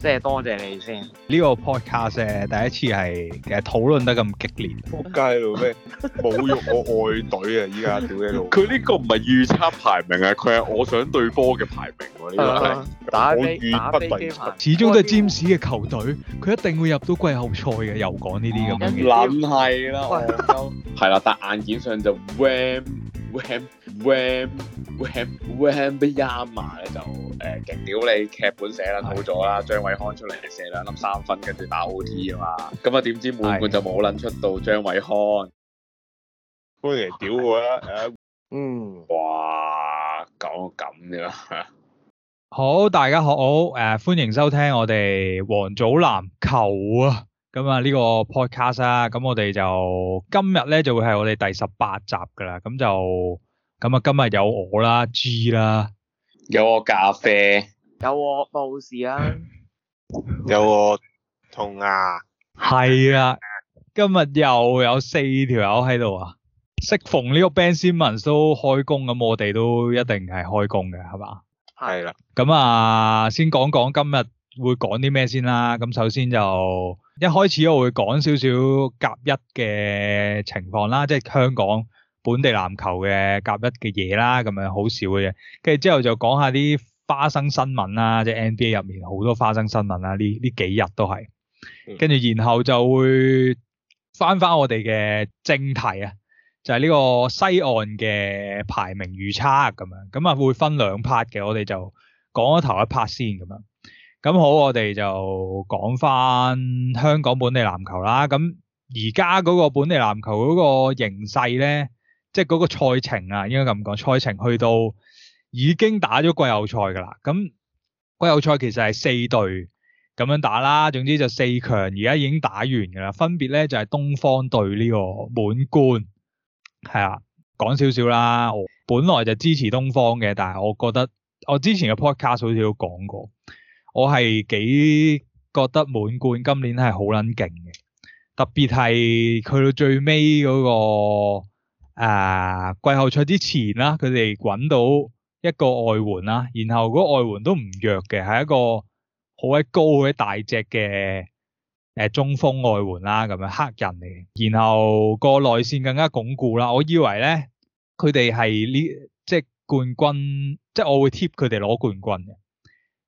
即係多謝你先，呢個 podcast 第一次係誒討論得咁激烈，撲街到咩？侮辱我愛隊啊！依家屌你，佢呢個唔係預測排名啊，佢係我想對波嘅排名。呢、啊、個係我預不嚟，始終都係占士嘅球隊，佢一定會入到季後賽嘅。又講呢啲咁嘅，梗係啦，係啦， 但硬件上就 ram, ram When when when 俾阿嘛咧就誒勁屌你劇本寫得的好咗啦，張偉康出嚟你寫兩粒三分，跟住打 O T 啊嘛，咁啊點知滿貫就冇撚出到張偉康，哎、呀歡迎屌我啦，的 uh, 嗯，哇，講咁樣， 好，大家好誒，uh, 歡迎收聽我哋王祖藍球啊，咁啊呢個 podcast 啊，咁我哋就今日咧就會係我哋第十八集噶啦，咁就。咁啊，今日有我啦，G 啦，有我咖啡，有我布士啦、啊， 有我同啊，係啊， 今日又有四條友喺度啊！適逢呢個 Benjamin 都開工咁，我哋都一定係開工嘅，係嘛？係啦的。咁啊，先講講今日會講啲咩先啦。咁首先就一開始我會講少少甲一嘅情況啦，即係香港。本地籃球嘅甲一嘅嘢啦，咁樣好少嘅嘢。跟住之後就講下啲花生新聞啦，即係 NBA 入面好多花生新聞啦。呢呢幾日都係跟住，然後就會翻翻我哋嘅正題啊，就係呢個西岸嘅排名預測咁樣。咁啊，會分兩 part 嘅，我哋就講咗頭一 part 先咁樣。咁好，我哋就講翻香港本地籃球啦。咁而家嗰個本地籃球嗰個形勢咧。即係嗰個賽程啊，應該咁講，賽程去到已經打咗季後賽㗎啦。咁季後賽其實係四隊咁樣打啦，總之就四強，而家已經打完㗎啦。分別咧就係、是、東方對呢個滿貫，係啊，講少少啦。我本來就支持東方嘅，但係我覺得我之前嘅 podcast 好似都講過，我係幾覺得滿貫今年係好撚勁嘅，特別係去到最尾嗰、那個。啊！季後賽之前啦、啊，佢哋揾到一個外援啦、啊，然後嗰外援都唔弱嘅，係一個好鬼高嘅大隻嘅誒、呃、中鋒外援啦、啊，咁樣黑人嚟。然後個內線更加鞏固啦。我以為咧，佢哋係呢即係冠軍，即係我會 tip 佢哋攞冠軍嘅，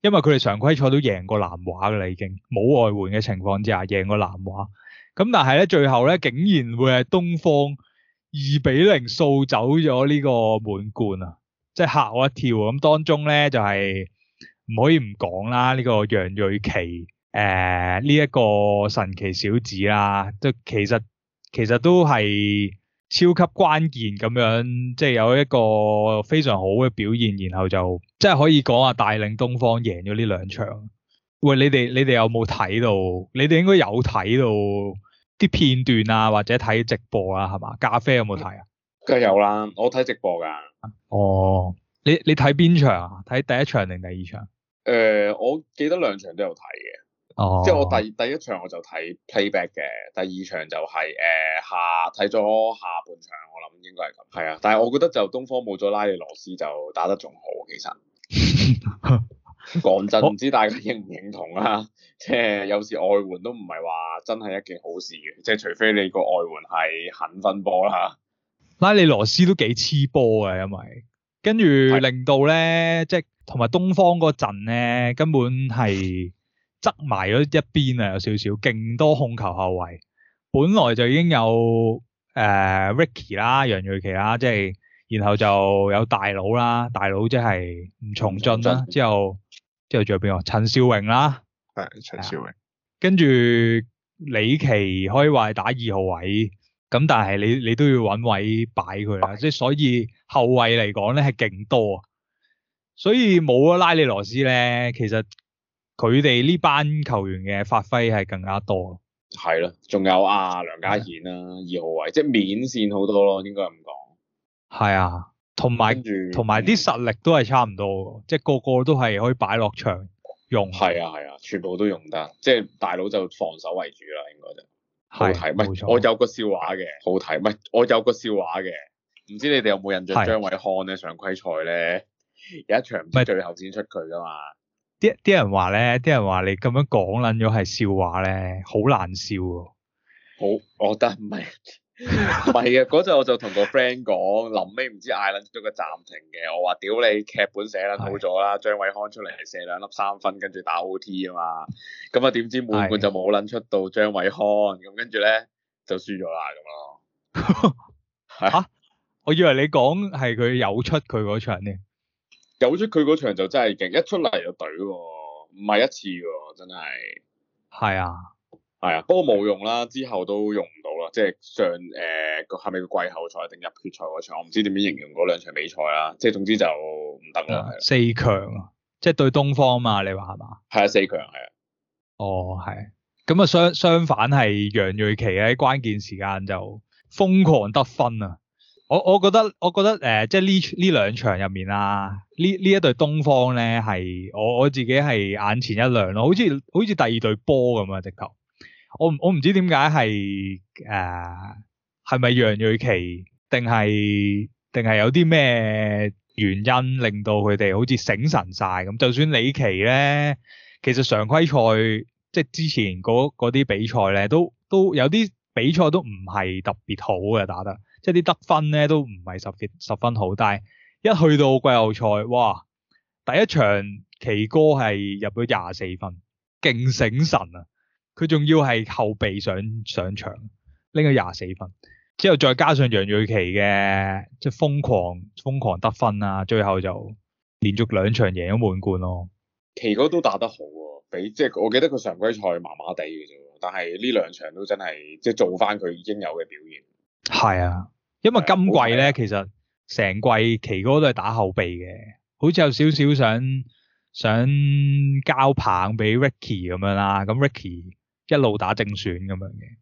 因為佢哋常規賽都贏過南華㗎喇，已經冇外援嘅情況之下贏過南華。咁但係咧，最後咧竟然會係東方。二比零掃走咗呢個滿貫啊！即係嚇我一跳啊！咁當中咧就係唔可以唔講啦，呢個楊瑞琪，誒呢一個神奇小子啦，即其實其實都係超級關鍵咁樣，即係有一個非常好嘅表現，然後就即係可以講啊，帶領東方贏咗呢兩場。喂，你哋你哋有冇睇到？你哋應該有睇到。啲片段啊，或者睇直播啊，係嘛？咖啡有冇睇啊？梗、嗯、有啦，我睇直播噶。哦，你你睇邊場、啊？睇第一場定第二場？誒、呃，我記得兩場都有睇嘅。哦，即係我第一第一場我就睇 playback 嘅，第二場就係、是、誒、呃、下睇咗下半場，我諗應該係咁。係、嗯、啊，但係我覺得就東方冇咗拉尼羅斯就打得仲好，其實。 講真，唔知大家認唔認同啊？即、呃、係有時外援都唔係話真係一件好事嘅，即係除非你個外援係肯分波啦。拉里羅斯都幾黐波嘅，因為跟住令到咧，是即係同埋東方嗰陣咧，根本係側埋咗一邊啊，有少少，勁多控球後衛，本來就已經有誒、呃、Ricky 啦，楊瑞琪啦，即係然後就有大佬啦，大佬即係吳從俊啦之後。之後仲有邊個？陳少榮啦，係陳、嗯、少榮。跟住、啊、李奇可以話係打二號位，咁但係你你都要揾位擺佢啦。即係的所以後衛嚟講咧係勁多啊，所以冇咗拉里羅斯咧，其實佢哋呢班球員嘅發揮係更加多。係咯，仲有阿、啊、梁家賢啦、啊，二的號位即係面綫好多咯，應該咁講。係啊。同埋，同埋啲實力都係差唔多，嗯、即係個個都係可以擺落場用。係啊係啊，全部都用得，即係大佬就防守為主啦，應該就。好睇，咩？我有個笑話嘅，好睇，咩？我有個笑話嘅，唔知你哋有冇印象張偉漢咧？常規賽咧有一場，唔係最後先出佢噶嘛？啲啲是人話咧，啲人話你咁樣講捻咗係笑話咧，好難笑噶。好，我覺得唔係。唔係啊，嗰陣 我就同個 friend 講，臨尾唔知嗌捻咗個暫停嘅，我話屌你，劇本寫捻好咗啦，張偉康出嚟射兩粒三分，跟住打 O T 啊嘛，咁啊點知滿貫就冇捻出到張偉康，咁跟住咧就輸咗啦咁咯。吓，我以為你講係佢有出佢嗰場呢？有出佢嗰場就真係勁，一出嚟就懟，唔係一次噶，真係。係啊的，係啊，不過冇用啦，之後都用。即係上誒個係咪季後賽定入決賽嗰場，我唔知點樣形容嗰兩場比賽啦。即係總之就唔得啦。四強強啊，吧即係對東方嘛？你話係嘛？係啊，四強係啊。哦，係。咁啊，就相相反係楊瑞琪喺關鍵時間就瘋狂得分啊！我我覺得，我覺得誒、呃，即係呢呢兩場入面啊，呢呢一隊東方咧係我我自己係眼前一亮咯，好似好似第二隊波咁啊，直頭。我唔我唔知點解係誒係咪楊瑞琪定係定係有啲咩原因令到佢哋好似醒神晒咁？就算李琦咧，其實常規賽即係之前嗰啲比賽咧，都都有啲比賽都唔係特別好嘅打得，即係啲得分咧都唔係特別十分好。但係一去到季後賽，哇！第一場奇哥係入咗廿四分，勁醒神啊！佢仲要係後備上上場拎咗廿四分，之後再加上楊瑞琪嘅即係瘋狂瘋狂得分啊，最後就連續兩場贏咗滿貫咯。奇哥都打得好，啊，比即係我記得佢常規賽麻麻地嘅啫，但係呢兩場都真係即係做翻佢已應有嘅表現。係啊，因為今季咧，嗯、其實成季奇哥都係打後備嘅，好似有少少想想交棒俾 Ricky 咁樣啦，啊，咁 Ricky。一路打正選咁樣嘅，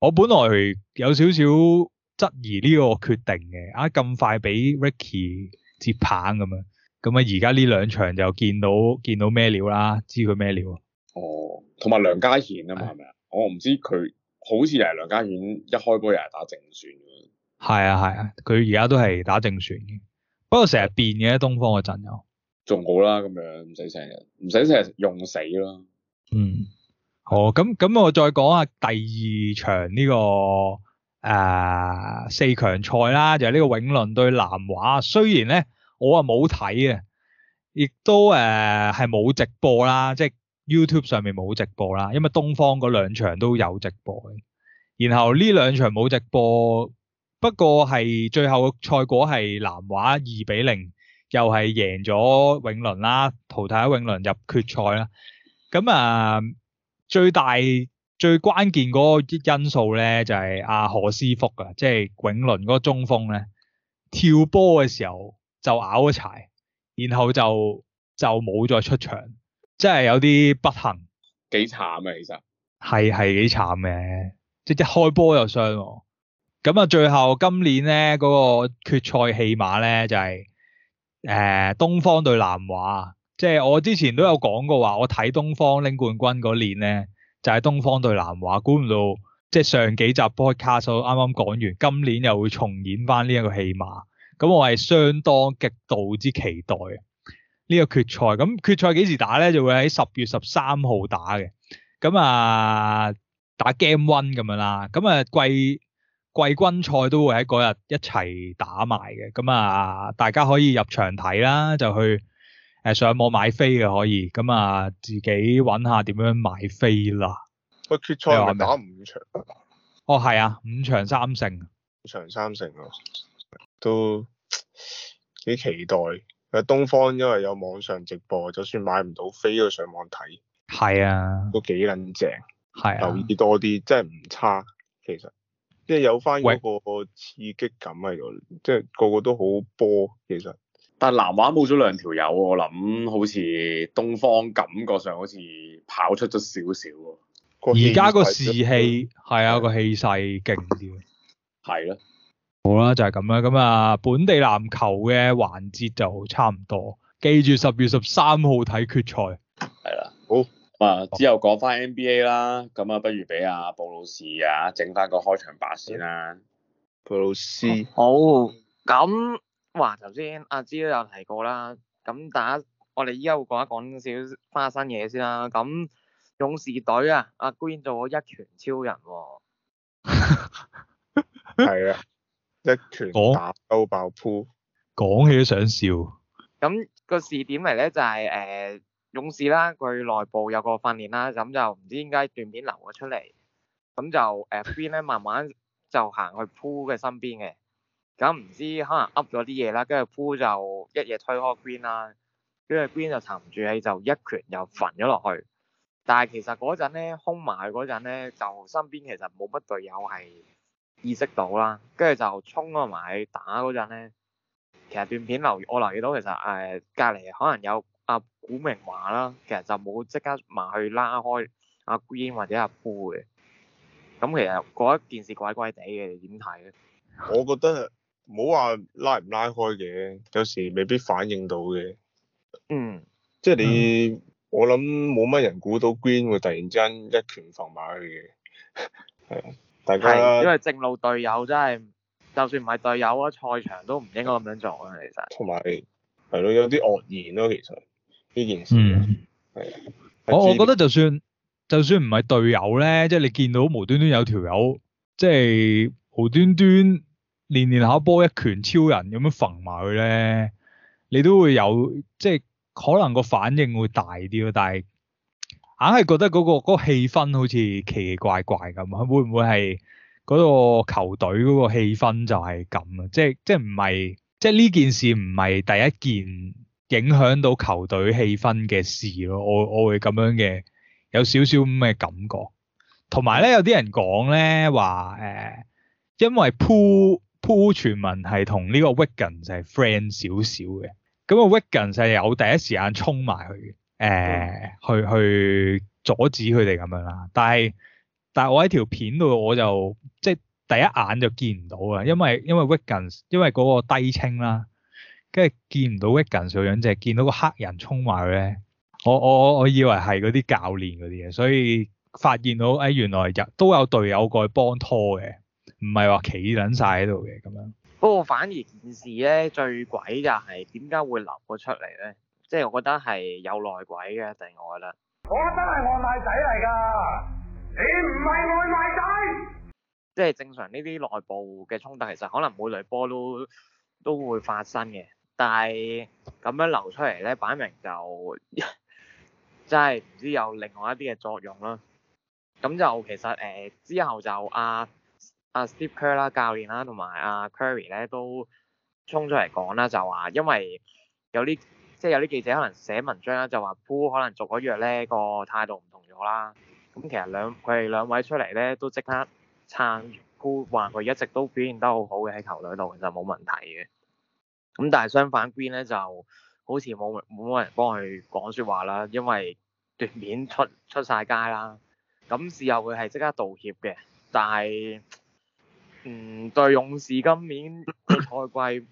我本來有少少質疑呢個決定嘅，啊咁快畀 Ricky 接棒咁樣，咁啊而家呢兩場就見到見到咩料啦，知佢咩料？哦，同埋梁家賢啊嘛，係咪啊？我唔知佢，好似又係梁家賢一開波又係打正選嘅。係啊係啊，佢而家都係打正選嘅，不過成日變嘅東方嗰陣又仲好啦，啊，咁樣唔使成日，唔使成日用死咯。嗯。好咁咁，我再講下第二場呢、這個誒、呃、四強賽啦，就係、是、呢個永倫對南華。雖然，咧我啊冇睇啊，亦都誒係冇直播啦，即、就、係、是、YouTube 上面冇直播啦，因為東方嗰兩場都有直播。然後呢兩場冇直播，不過係最後嘅賽果係南華二比零，又係贏咗永倫啦，淘汰永倫入決賽啦。咁啊～、呃最大、最關鍵嗰個因素咧，就係、是、阿、啊、何思福啊，即、就、係、是、永倫嗰中鋒咧，跳波嘅時候就拗咗柴，然後就就冇再出場，真係有啲不幸，幾慘啊！其實係係幾慘嘅，即係一開波就傷。咁啊，最後今年咧嗰、那個決賽戲碼咧，就係、是、誒、呃、東方對南華。即係我之前都有講過話，我睇東方拎冠軍嗰年咧，就係東方對南華，估唔到即係上幾集 podcast，啱啱講完，今年又會重演翻呢一個戲碼，咁我係相當極度之期待呢個決賽。咁決賽幾時打咧？就會喺十月十三號打嘅。咁啊，打 Game One 咁樣啦。咁啊，季季軍賽都會喺嗰日一齊打埋嘅。咁啊，大家可以入場睇啦，就去。誒，上網買飛嘅可以，咁啊，自己揾下點樣買飛啦。佢決賽打五場。哦，係啊，五場三勝。五場三勝啊，都幾期待。誒，東方因為有網上直播，就算買唔到飛，都上網睇。係啊，都幾撚正。係啊。留意多啲，真係唔差，其實，即係有翻嗰個刺激感喺度，喂即係個個都好波，其實。但係南華冇咗兩條友，我諗好似東方感覺上好似跑出咗少少。而家個士氣係啊個、啊啊、氣勢勁啲。係咯、啊。好啦，就係咁啦。咁啊，本地籃球嘅環節就差唔多。記住十月十三號睇決賽。係啦、啊，好。啊，之後講翻 NBA 啦。咁啊，不如俾阿、啊、布老師啊整翻個開場白先啦、啊。好布老師。哦、好，咁。哇！頭先阿芝都有提過啦，咁打我哋依家會講一講少少花生嘢先啦。咁勇士隊啊，阿、啊、Green 做咗一拳超人喎、哦。係啊，一拳打到爆鋪，講起都想笑。咁個視點嚟咧就係、是、誒、呃、勇士啦，佢內部有個訓練啦，咁就唔知點解段片流咗出嚟，咁就誒 Green 咧慢慢就行去 Poole 嘅身邊嘅。咁唔知可能噏咗啲嘢啦，跟住呼就一嘢推開 Green 啦，跟住 Green 就沉唔住氣就一拳又焚咗落去。但係其實嗰陣咧，空埋嗰陣咧，就身邊其實冇乜隊友係意識到啦，跟住就衝咗埋去打嗰陣咧，其實段片留我留意到其實誒隔籬可能有阿古明華啦，其實就冇即刻埋去拉開阿 Green 或者阿呼嘅。咁其實嗰一件事怪怪地嘅，你點睇咧？我覺得。唔好話拉唔拉開嘅，有時未必反應到嘅。嗯，即係你，嗯、我諗冇乜人估到 Green 會突然之間一拳放埋去嘅。係啊，大家呢因為正路隊友真係，就算唔係隊友啊，賽場都唔應該咁樣做。啊，其實。同埋係咯，有啲惡言咯，其實呢件事係、嗯、係我 G 我覺得就算就算唔係隊友咧，即、就、係、是、你見到無端端端有條友即係無端端端。年年下波一拳超人咁樣縫埋佢咧，你都會有即係可能個反應會大啲咯，但係硬係覺得嗰個嗰個氣氛好似奇奇怪怪咁，會唔會係嗰個球隊嗰個氣氛就係咁啊？即係即係唔係即係呢件事唔係第一件影響到球隊氣氛嘅事咯，我我會咁樣嘅有少少咁嘅感覺。同埋咧，有啲人講咧話誒，因為鋪。鋪傳聞係同呢個 Wiggins 就係 friend 少少嘅，咁個 Wiggins 就係有第一時間衝埋去，、呃嗯、去，誒，去去阻止佢哋咁樣啦。但係，但係我喺條片度我就即係第一眼就見唔到啊，因為因為 Wiggins 因為嗰個低清啦，跟住見唔到 Wiggins 個樣，就係見到個黑人衝埋去，我我我以為係嗰啲教練嗰啲嘢，所以發現到誒、哎、原來有都有隊友過去幫拖嘅。唔係話企撚晒喺度嘅咁樣，不過反而件事咧最鬼就係點解會流咗出嚟咧？即係我覺得係有內鬼嘅，定我覺得？我真係外賣仔嚟㗎，你唔係外賣仔。即係正常呢啲內部嘅衝突，其實可能每隊波都都會發生嘅，但係咁樣流出嚟咧，擺明就真係唔知有另外一啲嘅作用啦。咁就其實誒、呃、之後就阿。啊阿 Steve Kerr 啦、教練啦，同埋阿 k u r r y 咧都衝出嚟講啦，就話因為有啲即係有啲記者可能寫文章啦，就話 g o 可能續咗約咧個態度唔同咗啦。咁其實兩佢哋兩位出嚟咧都即刻撐 g 話佢一直都表 r 得好好嘅喺球隊度，其實冇問題嘅。咁但係相反，Green 咧就好似冇冇人幫佢講説話啦，因為奪面出出曬街啦。咁事後佢係即刻道歉嘅，但係嗯，對勇士今年賽季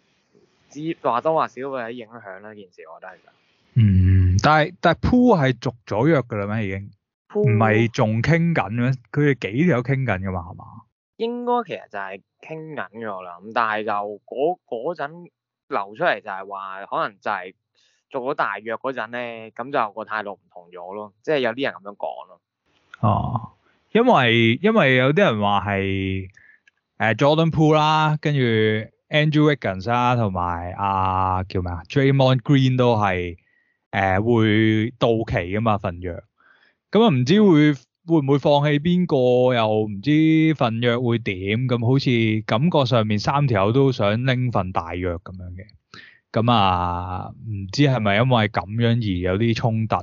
只話多話少，會有影響啦。件事，我覺得係咁。嗯，但係但係，Poo 係續咗約㗎啦？咩已經唔係仲傾緊咩？佢哋 pool 幾條有傾緊㗎嘛？係嘛？應該其實就係傾緊咗啦。咁但係就嗰陣流出嚟就係話，可能就係做咗大約嗰陣咧，咁就個態度唔同咗咯。即係有啲人咁樣講咯。哦、啊，因為因為有啲人話係。誒、呃、Jordan Poole 啦，跟住 Andrew Wiggins 啦，同埋阿叫咩啊 Draymond Green 都係誒、呃、會到期㗎嘛，份約咁啊，唔知會會唔會放棄邊個，又唔知份約會點咁、嗯，好似感覺上面三條友都想拎份大約咁樣嘅，咁啊唔知係咪因為咁樣而有啲衝突，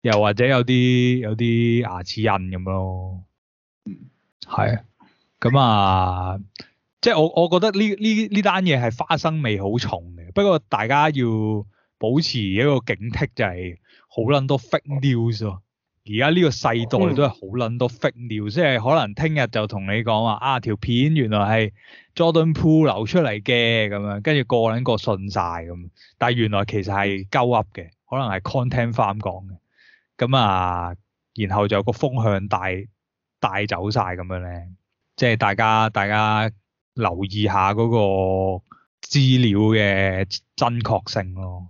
又或者有啲有啲牙齒印咁咯。嗯，係啊。咁啊，即係我我覺得呢呢呢單嘢係花生味好重嘅。不過大家要保持一個警惕就係、啊，好撚多 fake news。而家呢個世代都係好撚多 fake news，即係可能聽日就同你講話啊條片原來係 Jordan Poole 流出嚟嘅咁樣，跟住個撚個信晒咁。但係原來其實係鳩噏嘅，可能係 content farm 講嘅。咁啊，然後就有個風向帶帶走晒咁樣咧。即係大家，大家留意下嗰個資料嘅真確性咯，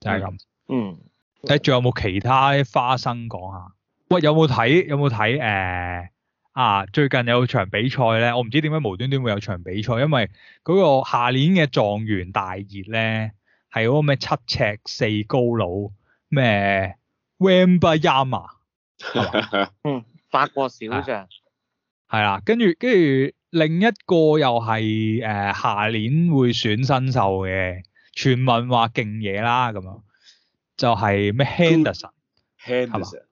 就係咁，睇。嗯。嗯，誒，仲有冇其他花生講下？喂，有冇睇？有冇睇？誒，呃，啊，最近有場比賽咧，我唔知點解無端端會有場比賽，因為嗰個下年嘅狀元大熱咧，係嗰個咩七尺四高佬咩？Wembanyama，嗯，法國小將。啊係啦，跟住跟住，另一個又係誒，下年會選新秀嘅，傳聞話勁嘢啦，咁啊就係、是、咩 Henderson，Henderson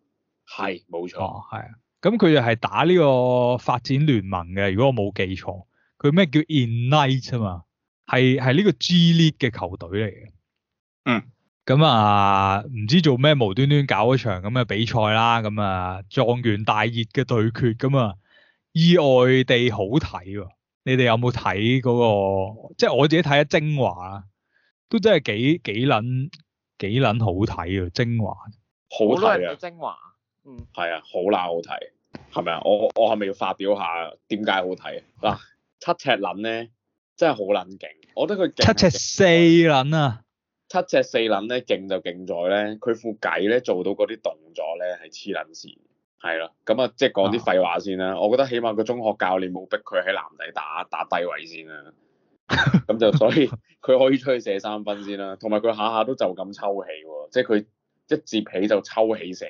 係冇錯，係啊吧，咁佢又係打呢個發展聯盟嘅，如果我冇記錯，佢咩叫 Ignite 啊嘛，係係呢個 G League 嘅球隊嚟嘅，嗯，咁啊唔知做咩無端端搞一場咁嘅比賽啦，咁啊狀元大熱嘅對決咁啊。意外地好睇喎、哦！你哋有冇睇嗰個？嗯、即係我自己睇下精華，都真係幾幾撚幾撚好睇啊！精華好睇啊！精華、啊，嗯，係啊，好撚好睇，係咪啊？我我係咪要發表下點解好睇啊？嗱， 七尺撚咧真係好撚勁，我覺得佢七尺四撚啊！七尺四撚咧勁就勁在咧，佢副偈咧做到嗰啲動作咧係黐撚線。係啦，咁啊，即係講啲廢話先啦。我覺得起碼個中學教練冇逼佢喺男仔打打低位先啦，咁 就所以佢可以出去射三分先啦。同埋佢下下都就咁抽起、哦，即係佢一接起就抽起射，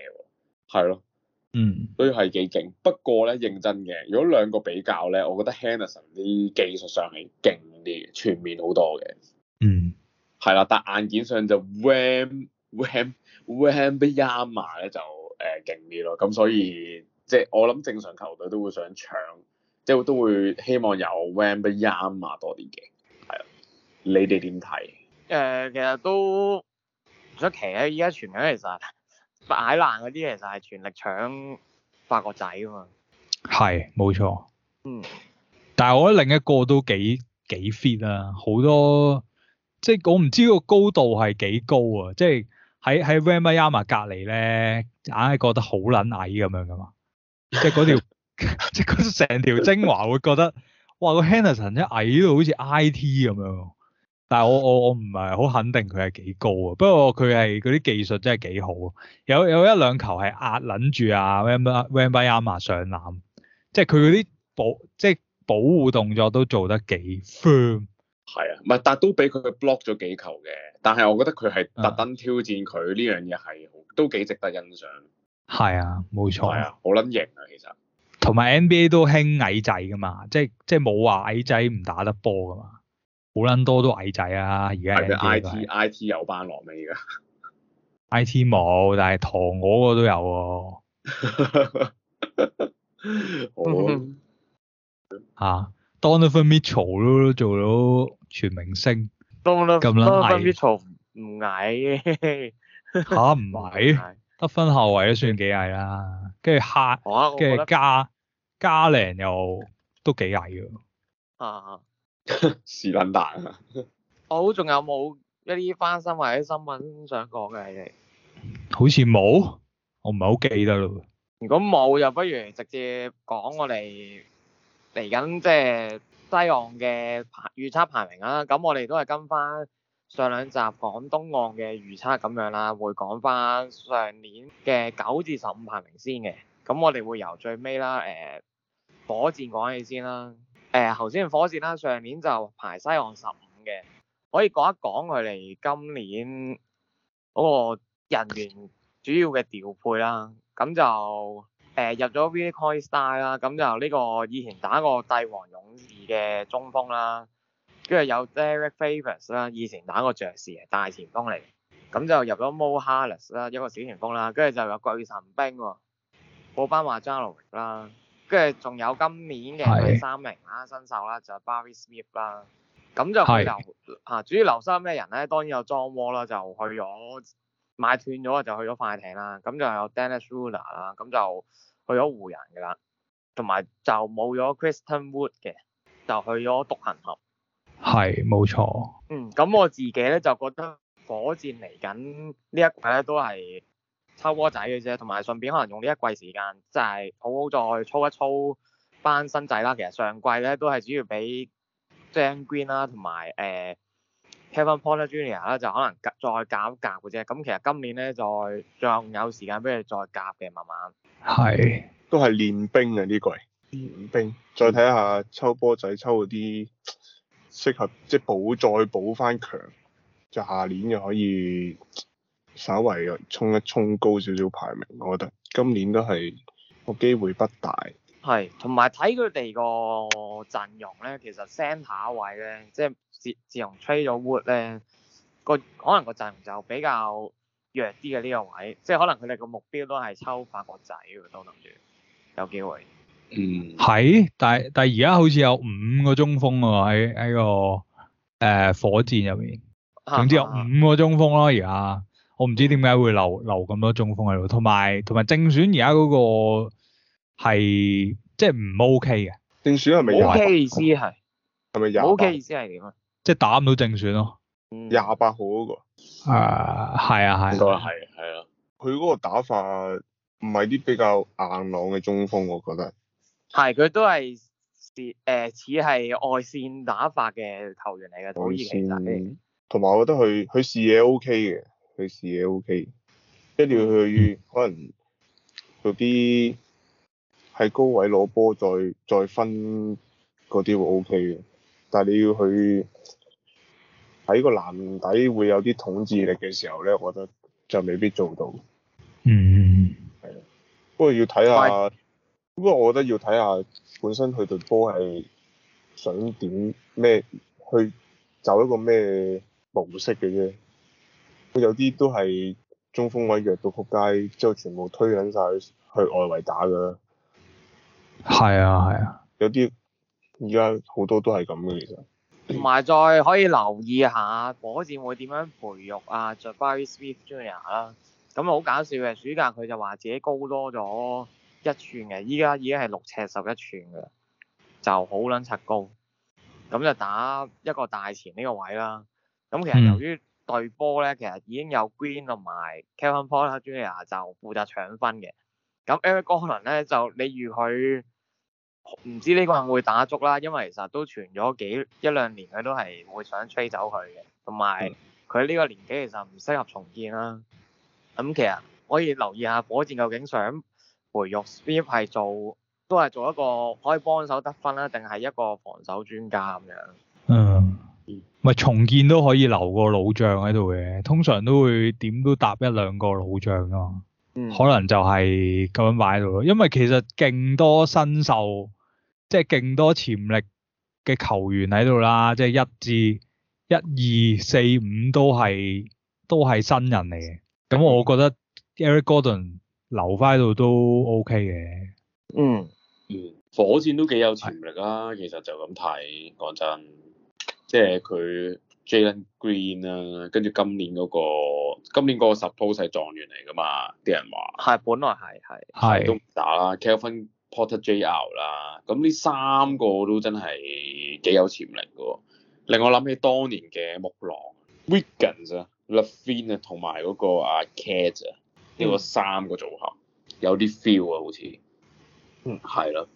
係咯，嗯，都係幾勁。不過咧認真嘅，如果兩個比較咧，我覺得 Henderson 啲技術上係勁啲，全面好多嘅，嗯，係啦，但硬件上就 Wem Wem Wembanyama 咧就。誒勁啲咯，咁、呃、所以即係我諗正常球隊都會想搶，即係都會希望有 Ramayama 多啲嘅，係啊，你哋點睇？誒、呃，其實都唔出奇啊！依家傳緊其實擺爛嗰啲，其實係全力搶法國仔啊嘛，係，冇錯。嗯，但係我覺得另一個都幾幾 fit 啊，好多即係我唔知個高度係幾高啊，即係喺喺 Ramayama 隔離咧。硬係覺得好撚矮咁樣噶嘛，即係嗰條， 即係成條精華會覺得，哇個 Henderson 一矮到好似 IT 咁樣，但係我我我唔係好肯定佢係幾高啊，不過佢係嗰啲技術真係幾好，有有一兩球係壓撚住啊 Wemby Wembanyama，上籃，即係佢嗰啲保即係保護動作都做得幾 firm。係啊，唔係，但都俾佢 block 咗幾球嘅。但係我覺得佢係特登挑戰佢呢樣嘢係，都幾值得欣賞。係啊，冇錯，好撚型啊，其實。同埋 NBA 都興矮仔噶嘛，即係即係冇話矮仔唔打得波噶嘛，好撚多都矮仔啊。而家 IT 是 IT 有班落尾噶，IT 冇，但係堂我個都有啊。 好啊，Donovan Mitchell 都做到。全明星咁撚不矮，得唔矮，嚇唔矮，得 分後衞都算幾矮啦，跟住哈，跟住加加零又都幾矮嘅，啊，是撚大啊！好，仲有冇一啲翻新或者新聞想講嘅？你好似冇，我唔係好記得咯。 如果冇，就不如直接講我哋嚟緊即係。西岸嘅預測排名啦，咁我哋都係跟翻上兩集講東岸嘅預測咁樣啦，會講翻上，上年嘅九至十五排名先嘅。咁我哋會由最尾啦，誒、呃、火箭講起先啦。誒頭先火箭啦，上年就排西岸十五嘅，可以講一講佢哋今年嗰、那個人員主要嘅調配啦。咁就～誒入咗 Cauley-Stein 啦，咁就呢個以前打過帝王勇士嘅中鋒啦，跟住有 Derrick Favors 啦，以前打過爵士嘅大前鋒嚟，咁就入咗 Mo、oh、Harkless 啦，一個小前鋒啦，跟住就有巨神兵，波班馬 Marjanovic 啦，跟住仲有今年嘅第三名啦，新秀啦是就 Barry Smith 啦，咁就留嚇主要流失咩人咧？當然有 John Wall 啦，就去咗買斷咗就去咗快艇啦，咁就有 Dennis Schroeder 啦，咁就。去咗湖人噶啦，同埋就冇咗 Christian Wood 嘅，就去咗獨行俠。係冇錯。嗯，咁我自己咧就覺得火箭嚟緊呢一季咧都係抽波仔嘅啫，同埋順便可能用呢一季時間就係好好再操一操班新仔啦。其實上季咧都係主要俾 Jalen Green 啦、啊，同埋誒 Kevin Porter Jr. 啦，就可能再夾夾嘅啫。咁、嗯、其實今年咧再仲有時間俾佢再夾嘅，慢慢。係，是都係練兵啊，呢句練兵，再睇下抽波仔，抽嗰啲適合即係補再補翻強，就下年就可以稍為衝一衝高少少排名，我覺得今年都係個機會不大，係，同埋睇佢哋個陣容咧，其實 centre 位咧，即係自自從 trade 咗 Wood 咧，個可能個陣容就比較。弱啲嘅呢個位，即係可能佢哋個目標都係抽法國仔喎，都諗住有機會。嗯，係，但係但係而家好似有五個中鋒喎，喺喺個誒、呃、火箭入面。總之有五個中鋒咯，而家我唔知點解會留留咁多中鋒喺度，同埋同埋正選而家嗰個係即係唔 OK 嘅。正選係咪 OK 意思係，係咪又 OK 意思係點啊？即係打唔到正選咯、啊。廿八號嗰個，啊係啊係，應該係係啊。佢嗰、啊、個打法唔係啲比較硬朗嘅中鋒，我覺得係佢都係似誒似係外綫打法嘅球員嚟嘅，可以其實。同埋線我覺得佢佢視野 OK 嘅，佢視野 OK，一定、OK、要去可能做啲喺高位攞波再再分嗰啲會 OK 嘅，但係你要去。睇個籃底會有啲統治力嘅時候咧，我覺得就未必做到。嗯，係啊，不過要睇下，的不過我覺得要睇下本身佢對波係想點咩，去走一個咩模式嘅啫。佢有啲都係中鋒位弱到撲街，之後全部推緊晒去外圍打㗎。係啊，係啊，有啲而家好多都係咁嘅，其實。同埋再可以留意下火箭會點樣培育啊 Jabari Smith Junior 啦，咁好搞笑嘅，暑假佢就話自己高多咗一寸嘅，依家已經係六尺十一寸嘅，就好撚柒高。咁就打一個大前呢個位啦。咁其實由於對波咧，其實已經有 Green 同埋 Kevin Porter Junior 就負責搶分嘅。咁 Eric Gordon 咧就，你如佢。唔知呢個係會打足啦，因為其實都存咗幾一兩年，佢都係會想吹走佢嘅，同埋佢呢個年紀其實唔適合重建啦。咁、嗯、其實可以留意下火箭究竟想培育斯皮普係做，都係做一個可以幫手得分啦，定係一個防守專家咁樣。嗯，唔係重建都可以留個老將喺度嘅，通常都會點都搭一兩個老將噶、嗯、可能就係咁樣擺喺度咯。因為其實勁多新秀。即係勁多潛力嘅球員喺度啦，即係一至一二四五都係都係新人嚟嘅。咁我覺得 Eric Gordon 留翻喺度都 OK 嘅。嗯嗯，火箭都幾有潛力啦、啊，是其實就咁睇，講真，即係佢 Jalen Green 啊，跟住今年嗰、嗰個今年嗰個 Suppose 係狀元嚟㗎嘛，啲人話。係，本來係係。係都唔打啦，Kevin。是 Porter Jr. 啦，咁呢三個都真係幾有潛力嘅喎，令我諗起當年嘅木狼、Wiggins 啊、LaVine 啊同埋嗰個阿 KAT 啊，呢個三個組合有啲 feel 啊，好似，好嗯，係啦。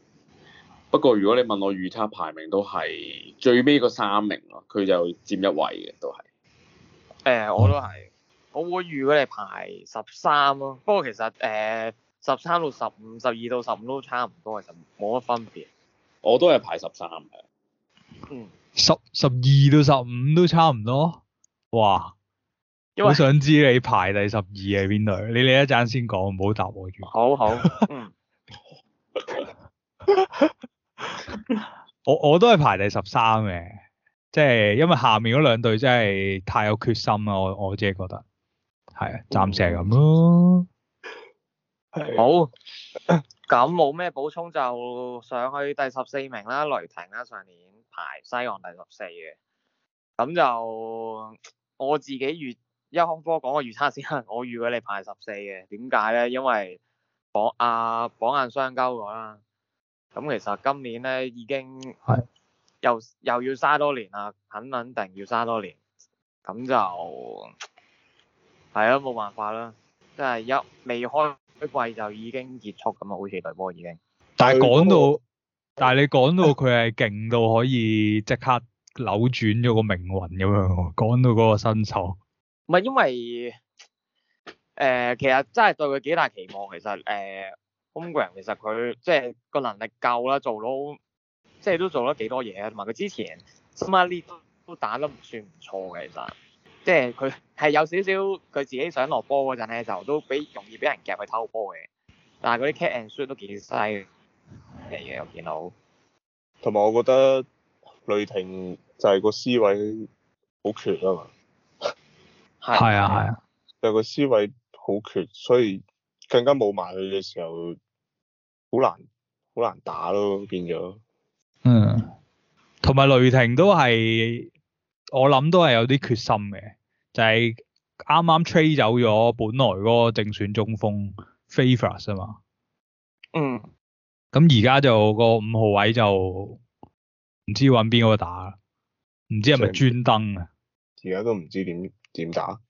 不過如果你問我預測排名都係最尾個三名咯，佢就佔一位嘅都係。誒、呃，我都係，我會預佢哋排十三咯。不過其實誒。呃十三到十五，十二到十五都差唔多，其實冇乜分別。我都係排十三嘅。嗯。十十二到十五都差唔多，哇！我為想知你排第十二係邊隊，你你一陣先講，唔好答我住。好好。嗯。我我都係排第十三嘅，即係因為下面嗰兩隊真係太有決心啦，我我即係覺得係啊，暫時係咁咯。好，咁冇咩補充就上去第十四名啦，雷霆啦上年排西岸第十四嘅，咁就我自己預一開波講個預測先，我預佢你排十四嘅，點解咧？因為榜啊，榜眼雙交咗啦，咁其實今年咧已經係又又要嘥多年啦，肯肯定,定要嘥多年，咁就係啊，冇辦法啦，即係一未開。佢季就已經結束咁啊，好似對波已經。但係講到， 但係你講到佢係勁到可以即刻扭轉咗個命運咁樣，講到嗰個新創。唔係因為，誒、呃，其實真係對佢幾大期望。其實誒，中、呃、國人其實佢即係個能力夠啦，做到即係都做得幾多嘢。同埋佢之前 s m a r t l e y 都都打得唔算唔錯嘅，其實。即係佢係有少少佢自己想落波嗰陣咧，就都比容易俾人夾去偷波嘅。但係嗰啲 catch and shoot 都幾犀嘅，又見到。同埋我覺得雷霆就係個思維好缺啊嘛。係啊係啊，啊有個思維好缺，所以更加冇埋佢嘅時候，好難好難打咯，變咗。嗯，同埋雷霆都係。我諗都係有啲決心嘅，就係啱啱吹走咗本來嗰個正選中鋒 Favors 啊嘛，嗯，咁而家就個五號位就唔知搵邊個打，唔知係咪專登啊？而家都唔知點點打，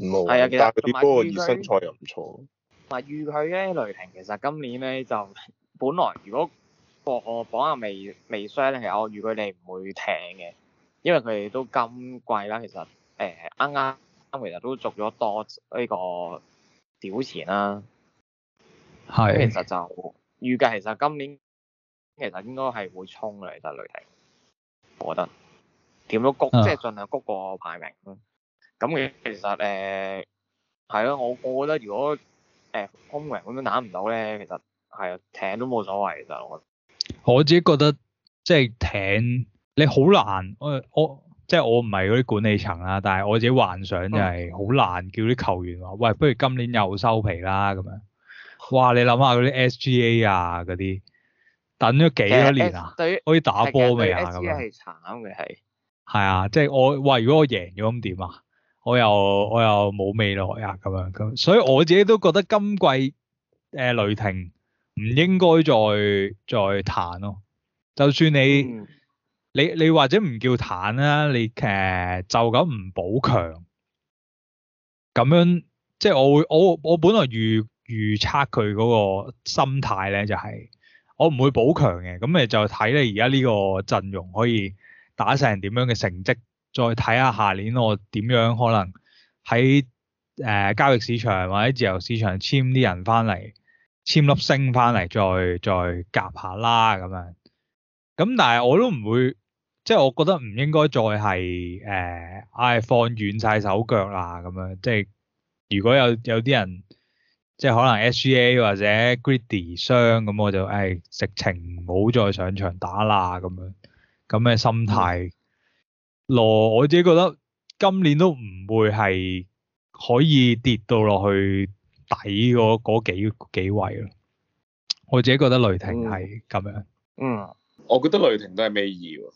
五號位，但係佢啲波熱身賽又唔錯。話預佢咧，雷霆其實今年咧就本來如果我我講下未微衰咧，其實我預佢哋唔會停嘅。因為佢哋都咁貴啦，其實誒啱啱啱，呃、剛剛其實都賺咗多呢個屌錢啦、啊。係是。咁其實就預計其實今年其實應該係會衝嘅，其實雷霆，我覺得點都谷、啊、即係盡量谷個排名咯。咁其其實誒係咯，我、呃、我覺得如果誒康威咁樣攬唔到咧，其實係艇都冇所謂，其實我我自己覺得即係、就是、艇。你好難，我我即係我唔係嗰啲管理層啦、啊，但係我自己幻想就係好難叫啲球員話，嗯、喂，不如今年又收皮啦咁樣。哇，你諗下嗰啲 SGA 啊，嗰啲等咗幾多年啊？可以打波未啊？咁樣係慘嘅，係係啊，即係我喂，如果我贏咗咁點啊？我又我又冇未來啊！咁樣咁，所以我自己都覺得今季誒雷霆唔應該再再彈咯。就算你。嗯你你或者唔叫彈啦，你誒、呃、就咁唔補強咁樣，即係我會我我本來預預測佢嗰個心態咧，就係、是、我唔會補強嘅，咁咪就睇你而家呢個陣容可以打成點樣嘅成績，再睇下下年我點樣可能喺誒、呃、交易市場或者自由市場簽啲人翻嚟，簽粒星翻嚟，再再夾下啦咁樣，咁但係我都唔會。即係我覺得唔應該再係誒，唉、呃、放軟晒手腳啦咁樣。即係如果有有啲人即係可能 SGA 或者 Giddey 傷咁，我就誒直、欸、情唔好再上場打啦咁樣。咁嘅心態，咯我自己覺得今年都唔會係可以跌到落去底嗰嗰幾，幾位咯。我自己覺得雷霆係咁樣嗯。嗯，我覺得雷霆都係尾二。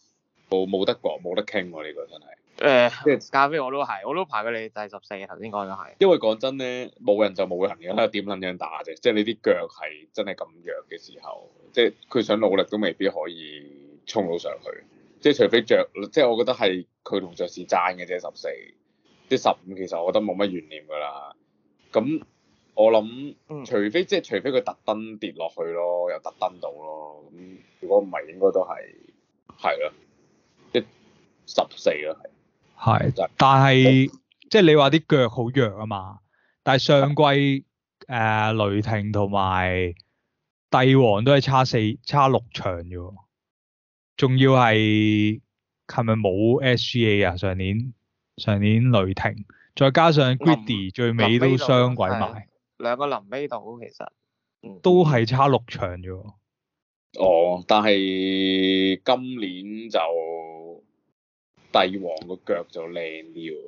冇冇得講，冇得傾喎！呢、呢個真係誒，呃即係、咖啡我都係，我都排過你第十四。頭先講咗係，因為講真咧，冇人就冇恆嘅啦，點撚樣打啫？即係你啲腳係真係咁弱嘅時候，即係佢想努力都未必可以衝到上去。即係除非着，即係我覺得係佢同爵士爭嘅啫。十四，即十五其實我覺得冇乜懸念㗎啦。咁我諗，除非、嗯、即係除非佢特登跌落去咯，又特登到咯。咁如果唔係，應該都係係啦。十四啊，係，係，但係、嗯、即係你話啲腳好弱啊嘛。但係上季誒、嗯呃、雷霆同埋帝王都係差四、差六場啫，仲要係係咪冇 S G A 啊？上年上年雷霆再加上 Giddy 林最尾都雙鬼埋兩個臨尾度。其實、嗯、都係差六場啫。哦，但係今年就。帝王個腳就靚啲喎，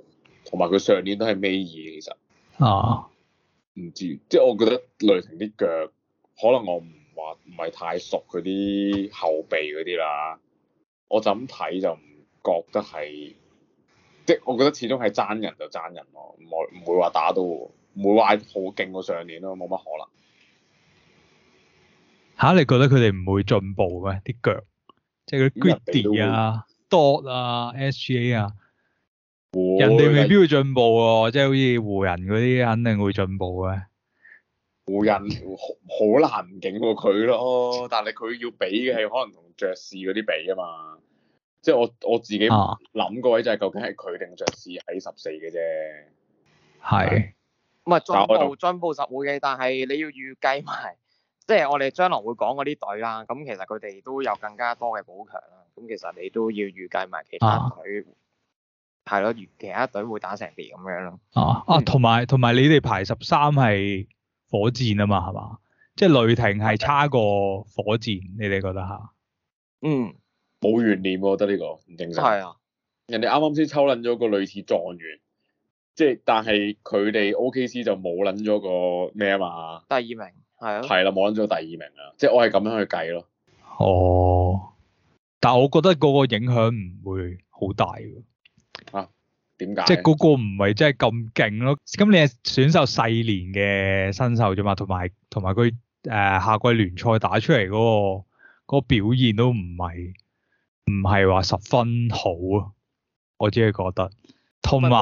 同埋佢上年都係尾二其實，啊，唔知，即係我覺得雷霆啲腳，可能我唔話唔係太熟佢啲後備嗰啲啦，我就咁睇就唔覺得係，即係我覺得始終係爭人就爭人咯，唔會唔會話打到，唔會話好勁過上年咯，冇乜可能。嚇、啊，你覺得佢哋唔會進步咩？啲腳，即係嗰啲 Giddey 啊？多啊，SGA 啊，啊哦、人哋未必會進步啊，即係、哦、好似湖人嗰啲肯定會進步嘅、啊。湖人好，好難勁過佢咯，但係佢要比嘅係可能同爵士嗰啲比啊嘛。即係我我自己諗嗰位就係、是啊、究竟係佢定爵士喺十四嘅啫。係，咁啊，進步進步實會嘅，但係你要預計埋，即、就、係、是、我哋將來會講嗰啲隊啦。咁其實佢哋都有更加多嘅補強啦。咁其實你都要預計埋其他隊，係咯、啊，其他隊會打成年咁樣咯。啊啊，同埋同埋，你哋排十三係火箭啊嘛，係嘛？即係雷霆係差過火箭，你哋覺得嚇？嗯，冇懸念，我覺得呢、呢個唔正常。係啊，人哋啱啱先抽撚咗個類似狀元，即係但係佢哋 OKC 就冇撚咗個咩啊嘛？第二名係咯，係啦、啊，冇撚咗第二名啊！即係我係咁樣去計咯。哦。但係我覺得個個影響唔會好大㗎，嚇，點解？即係個個唔係真係咁勁咯。咁你係選秀細年嘅新秀啫嘛，同埋同埋佢誒下季聯賽打出嚟嗰、嗰個嗰個表現都唔係唔係話十分好啊，我只係覺得。同埋誒，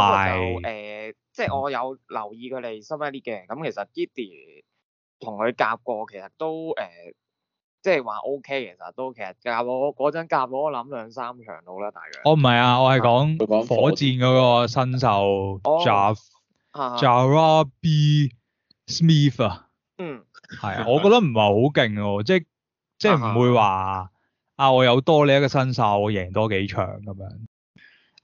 呃嗯、即係我有留意佢哋新 b 啲嘅咁，其實 d 迪同佢夾過，其實都誒。呃即係話 O K，其實都其實夾我嗰陣夾我諗兩三場好啦，大概。我唔係啊，我係講火箭嗰個新秀、哦、Jar Jabari Smith、嗯、啊。嗯。係啊，我覺得唔係好勁哦，即係即係唔會話啊，啊，我有多呢一個新秀，我贏多幾場咁樣。誒、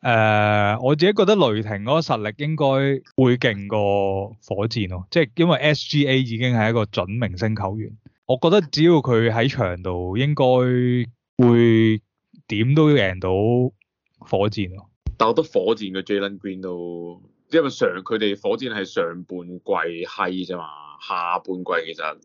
呃，我自己覺得雷霆嗰個實力應該會勁過火箭咯，即、就、係、是、因為 S G A 已經係一個準明星球員。我覺得只要佢喺場度，應該會點都要贏到火箭咯。但我覺得火箭嘅 Jalen Green 都因為上佢哋火箭係上半季嗨啫嘛，下半季其實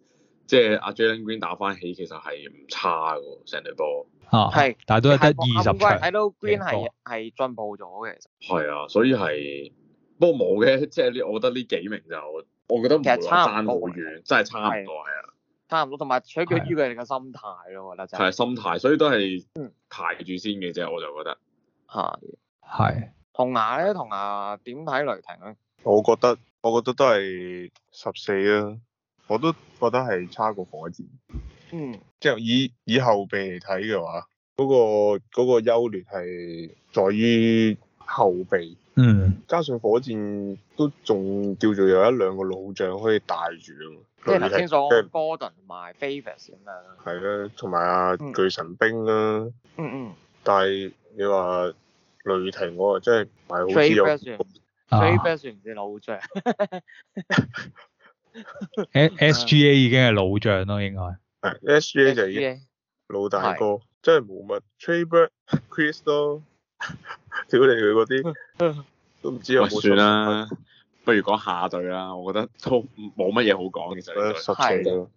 即係阿 Jalen Green 打翻起，其實係唔差嘅成隊波啊，係是，但係都得二十場。下半季睇到 Green 係係進步咗嘅，係啊，所以係不過冇嘅，即係呢，我覺得呢幾名就我覺得唔會爭好遠，真係差唔多係啊。差唔多，同埋取決於佢哋嘅心態咯，我覺得就係心態，所以都係睇住先嘅啫，我就覺得嚇，係同牙咧，同牙點睇雷霆咧？我覺得我覺得都係十四啦，我都覺得係差過火箭，嗯，即係以以後備嚟睇嘅話，嗰個嗰個優劣係在於後備。嗯，加上火箭都仲叫做有一兩個老將可以帶住啊嘛，即係睇清楚，Jordan 同埋 f a v o r s 咁樣。係啦，同埋阿巨神兵啦。嗯嗯。但係你話雷霆我喎，真係唔係好似有 f a v o r i t 唔算老將。S G A 已經係老將咯，應該。係。S G A 就已經老大哥，真係冇乜。f a v o r t c r i s 咯。屌你佢嗰啲，都唔知有冇算啦。不如講下隊啦，我覺得都冇乜嘢好講，其實。十三，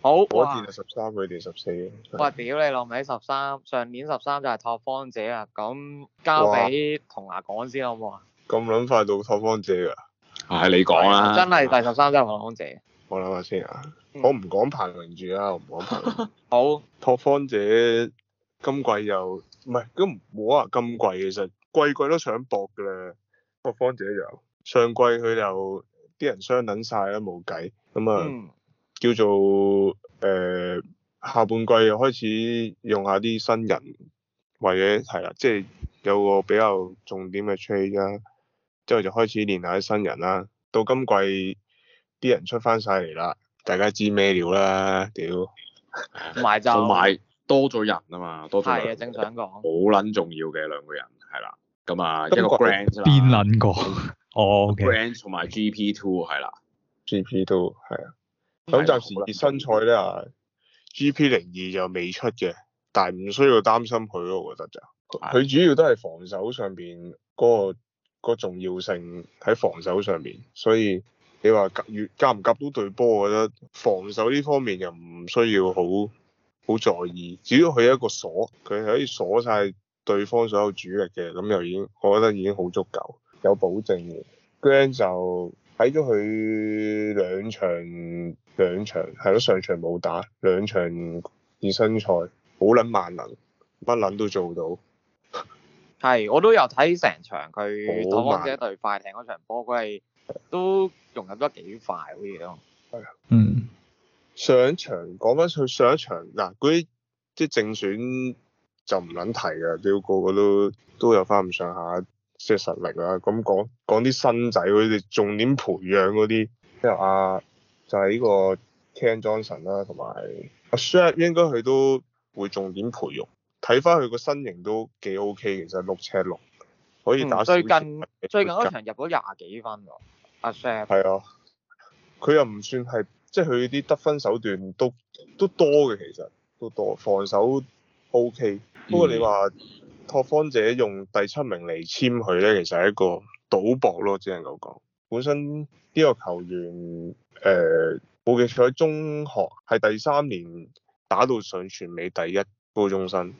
好哇。我哋十三，佢哋十四。哇！屌你老味十三，13，上年十三就係拓荒者啊。咁交俾同牙講先好唔好啊？咁捻快到拓荒者噶？唉，你講啦。真係第十三真係拓荒者。我諗下先啊，我唔講排名住啦，我唔講排名。 好，拓荒者。今季又。唔係，咁冇啊！咁貴其實季季都想搏嘅啦。個方姐又上季佢就啲人都傷等晒啦，冇計。咁啊，叫做誒、嗯呃、下半季又開始用下啲新人，或者係啦，即係、就是、有個比較重點嘅 trade 啦。之後就開始練下啲新人啦。到今季啲人出翻晒嚟啦，大家知咩料啦？屌走，買咋， 買。多咗人啊嘛，多咗正常講好撚重要嘅兩個人，係、嗯嗯、啦，咁啊一個 Grant 先啦，邊撚個哦，Grant 同埋 GP Two 係啦，GP Two 係啊。咁暫時熱身賽咧，GP 零二就未出嘅，但係唔需要擔心佢咯，我覺得就佢的主要都係防守上邊嗰、嗰個嗰個嗰個重要性喺防守上邊，所以你話夾越夾唔夾到對波，我覺得防守呢方面又唔需要好好在意，只要佢一個鎖，佢係可以鎖晒對方所有主力嘅，咁又已經，我覺得已經好足夠，有保證嘅。跟住就睇咗佢兩場，兩場係咯，上場冇打，兩場熱身賽，好撚萬能，乜撚都做到。係， 我都有睇成場佢打王者對快艇嗰場波，佢係都融入得幾快，好似咯。係的。嗯。上一場講翻佢上一場嗱，嗰、啊、啲即係正選就唔撚提嘅，要個個都都有翻咁上下嘅實力啊！咁講講啲新仔，佢哋重點培養嗰啲，即係阿就係、是、呢個 Keldon Johnson 啦，同埋阿 Sher 應該佢都會重點培育。睇翻佢個身形都幾 OK，其實六尺六可以打、嗯。最近最近嗰場入咗廿幾分喎，Asher、啊、係啊，佢又唔算係。即係佢啲得分手段都都多嘅，其實都多。防守 OK，不過你話拓荒者用第七名嚟簽佢咧，其實係一個賭博咯，只能夠講。本身呢個球員誒，冇、呃、記錯喺中學係第三年打到上全美第一高中生。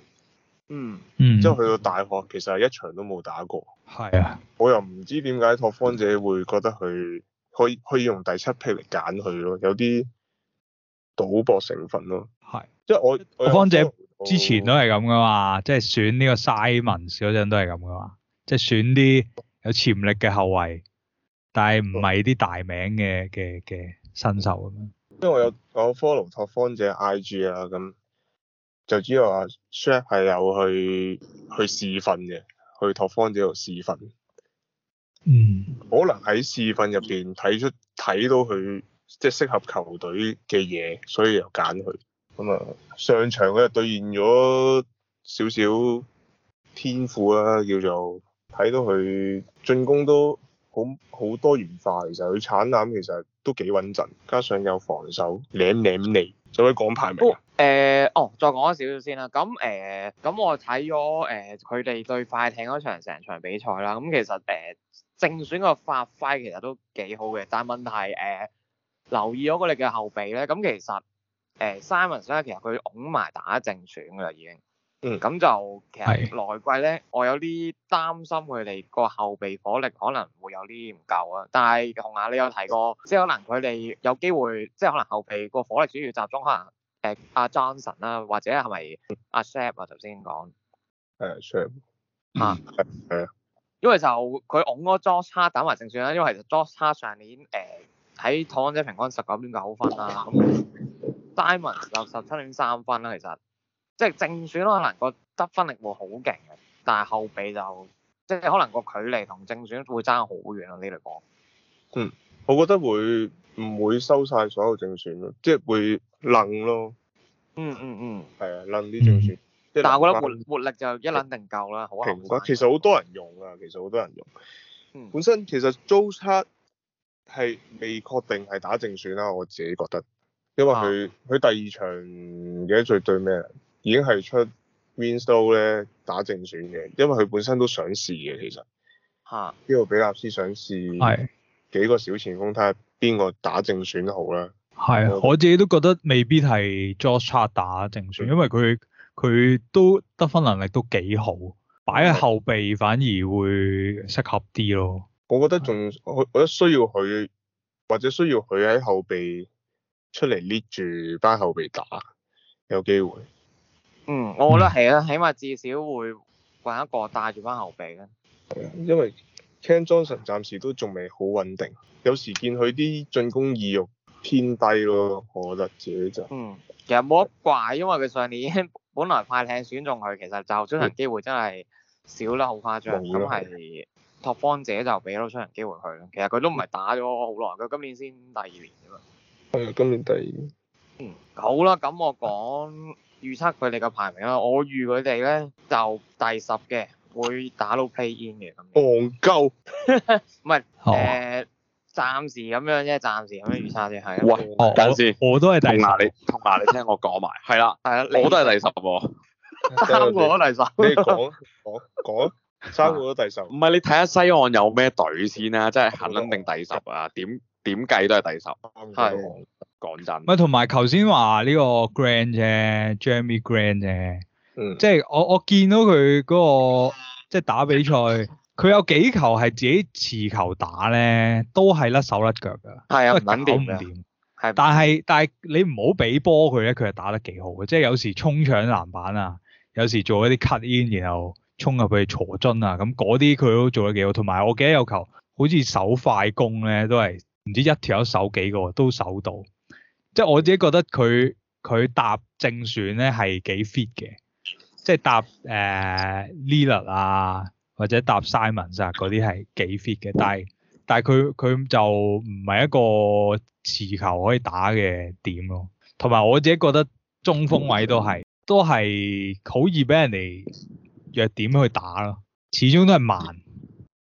嗯嗯，之後去到大學其實係一場都冇打過，係啊，我又唔知點解拓荒者會覺得佢。可以可以用第七批嚟揀佢咯，有啲賭博成分咯。係是，即係我，我，我方姐之前都係咁噶嘛，即係選呢個 Simon 嗰陣都係咁噶嘛，即係選啲有潛力嘅後衞，但係唔係啲大名嘅嘅嘅新手咁樣。因為我有我 follow 拓荒者 IG 啊，咁就知道話 Sharpe 係有去去試訓嘅，去拓荒者度試訓。嗯，可能喺試訓入邊睇出睇、嗯、到佢即係適合球隊嘅嘢，所以又揀佢。咁啊，上場咧兌現咗少少天賦啦，叫做睇到佢進攻都好好多元化。其實佢鏟膽其實都幾穩陣，加上有防守，舐舐脷就可以講排名誒、哦呃，哦，再講少少先啦。咁誒，咁、呃、我睇咗誒佢哋對快艇嗰場成場比賽啦。咁其實誒。呃正選個發揮其實都幾好嘅，但係問題誒、呃，留意咗佢哋嘅後備咧，咁其實誒 Simon 咧，其實佢拱埋打正選噶啦，已經。嗯。咁就其實內季咧，是我有啲擔心佢哋個後備火力可能會有啲唔夠啊。但係紅牙，你有提過，即係可能佢哋有機會，即係可能後備個火力主要集中可能誒、啊、阿 Johnson 啦、啊，或者係咪阿 Sam 啊？頭先講。係 Sam 嚇！係係啊。啊。因為就佢擁嗰 j o s h 打埋正選啦，因為其實 j o s h 上年誒喺土耳其平均十九點九分啦、啊，Diamond 就十七點三分啦、啊，其實即係正選可能個得分力會好勁嘅，但係後備就即係可能個距離同正選會爭好遠咯、啊，呢嚟講。嗯，我覺得會唔會收晒所有正選咯，即係會濫咯。嗯嗯嗯。係啊，濫啲正選。嗯但係我覺得活活力就一撚定夠啦，好啊均。其實好多人用啊，其實好多人用。本身其實 Josh Hart 係未確定係打正選啦，我自己覺得，因為佢佢、啊、第二場嘅最對咩，已經係出 Winslow 咧打正選嘅，因為佢本身都想試嘅其實。嚇、啊。呢個比亞斯想試是。係。幾個小前鋒睇下邊個打正選好啦。係啊是，我自己都覺得未必係 Josh Hart 打正選，因為佢。佢都得分能力都幾好，擺喺後備反而會適合啲咯。我覺得仲我覺得需要佢，或者需要佢喺後備出嚟捏住班後備打，有機會。嗯，我覺得係啊，嗯、起碼至少會揾一個帶住班後備嘅。因為 Cam Johnson 暫時都仲未好穩定，有時見佢啲進攻意欲偏低咯，我覺得自己就嗯，其實冇乜怪，因為佢上年。 本來快艇選中佢，其實就出場機會真係少啦，好誇張。咁係拓荒者就俾到出場機會佢。其實佢都唔係打咗好耐，佢今年先第二年啫嘛。係啊、嗯，嗯、今年第二年。嗯，好啦，咁我講預測佢哋嘅排名啦。我預佢哋咧就第十嘅，會打到 play in 嘅。戇鳩。唔係，誒、oh. 呃。暫時咁樣啫，暫時咁樣預測啫，係。喂，等先，我都係第十。同埋你，同埋你聽我講埋，係啦 了，係啦，我都係第十喎。三個都第十。你講，講，講，三個都第十。唔係你睇下西岸有咩隊先啊？即係肯定第十啊，點點計都係第十。三個都講真。唔係，同埋頭先話呢個 Gran 啫 Jamie Gran 啫，即係、嗯、我我，我見到佢嗰、那個即係、就是、打比賽。佢有幾球係自己持球打咧，都係甩手甩腳噶，的因為跑唔掂。但係但係你唔好畀波佢咧，佢係打得幾好嘅。即係有時衝搶籃板啊，有時做一啲 cut in，然後衝入去鋤樽啊，咁嗰啲佢都做得幾好。同埋我記得有球好似守快攻咧，都係唔知一條友守幾個都守到。即係我自己覺得佢佢搭正選咧係幾 fit 嘅，即係搭誒 Lillard 啊。或者搭 Simon 嗰啲係幾 fit 嘅，但係但係佢佢就唔係一個持球可以打嘅點咯。同埋我自己覺得中鋒位都係都係好易俾人哋弱點去打咯。始終都係慢，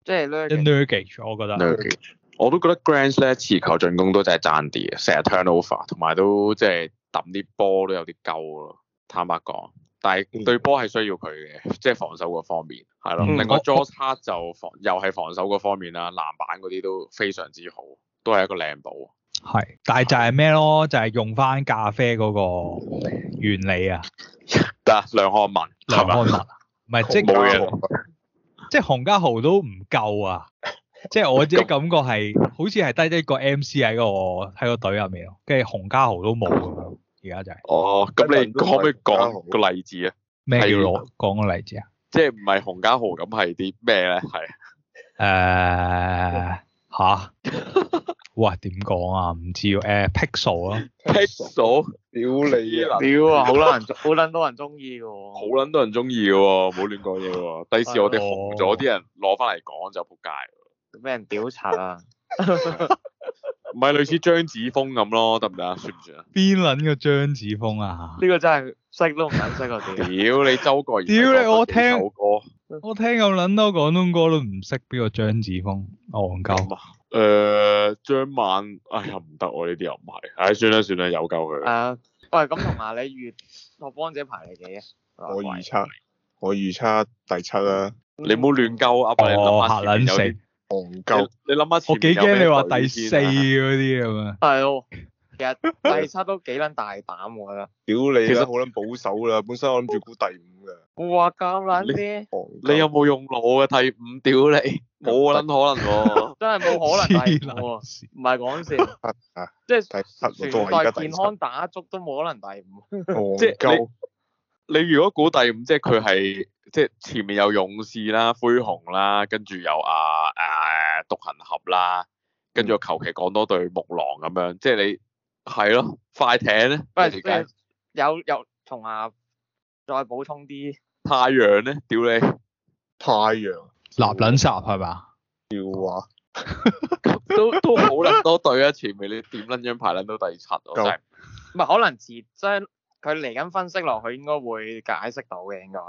即係咧。Looney 我覺得。Looney。我都覺得 Grants 咧持球進攻都真係爭啲，成日 turnover，同埋都即係揼啲波都有啲鳩咯。坦白講。但係對波係需要佢嘅，即、就、係、是、防守嗰方面，係咯。嗯、另外 j 叉就防又係防守嗰方面啦，籃板嗰啲都非常之好，都係一個靚寶。係，但係就係咩咯？就係、是、用翻咖啡嗰個原理啊！得、嗯、梁漢文，梁漢文，唔係即係即係洪家豪都唔夠啊！即係 我自己感覺係，好似係低低個 MC 喺、嗰個喺個隊入面咯，跟住洪家豪都冇而家就係、是、哦，咁你可唔可以講個例子啊？咩要攞講個例子啊？即係唔係洪家豪咁，係啲咩咧？係誒吓？哇、uh？ 點、呃、講啊？唔知誒、uh, pixel 啊 p i x e l 屌你啊！屌 啊！好撚多人好撚多人中意喎，好撚 多人中意嘅喎，唔好亂講嘢喎。第時我哋紅咗，啲人攞翻嚟講就仆街。咩人屌柒啊？ 唔係類似張子峰咁咯，得唔得啊？算唔算啊？邊捻個張子峰啊？呢個真係識都唔敢識個屌，你周國賢，屌你我聽我聽咁捻多廣東歌都唔識邊個張子峰。楓，戇鳩、嗯。誒、呃，張曼，哎呀，唔得喎，呢啲又唔係，唉、哎，算啦算啦，有救佢。 啊，喂、嗯，咁同埋你粵樂幫者排你幾啊？我預測，我預測第七啦。你唔好亂鳩，阿爸你諗下先。憨鳩，你諗下我幾驚你話第四嗰啲咁啊？係咯，其實第七都幾捻大膽，我覺得。屌你，其實好捻保守啦。本身我諗住估第五嘅。哇，咁捻啲，你有冇用腦嘅？第五，屌你，冇我捻可能喎。真係冇可能第五，唔係講笑。即係健康打足都冇可能第五。憨鳩。你如果估第五，即係佢係。即係前面有勇士啦、灰熊啦，跟住又啊，誒、啊、獨行俠啦，跟住我求其講多隊木狼咁樣，即係你係咯快艇咧喂，不過有有同阿、啊、再補充啲太陽咧，屌你太陽立卵雜係咪？屌啊！ 都都好撚多隊啊，前面你點撚張牌撚到第七啊，唔係 可能自將佢嚟緊分析落去應該會解釋到嘅應該。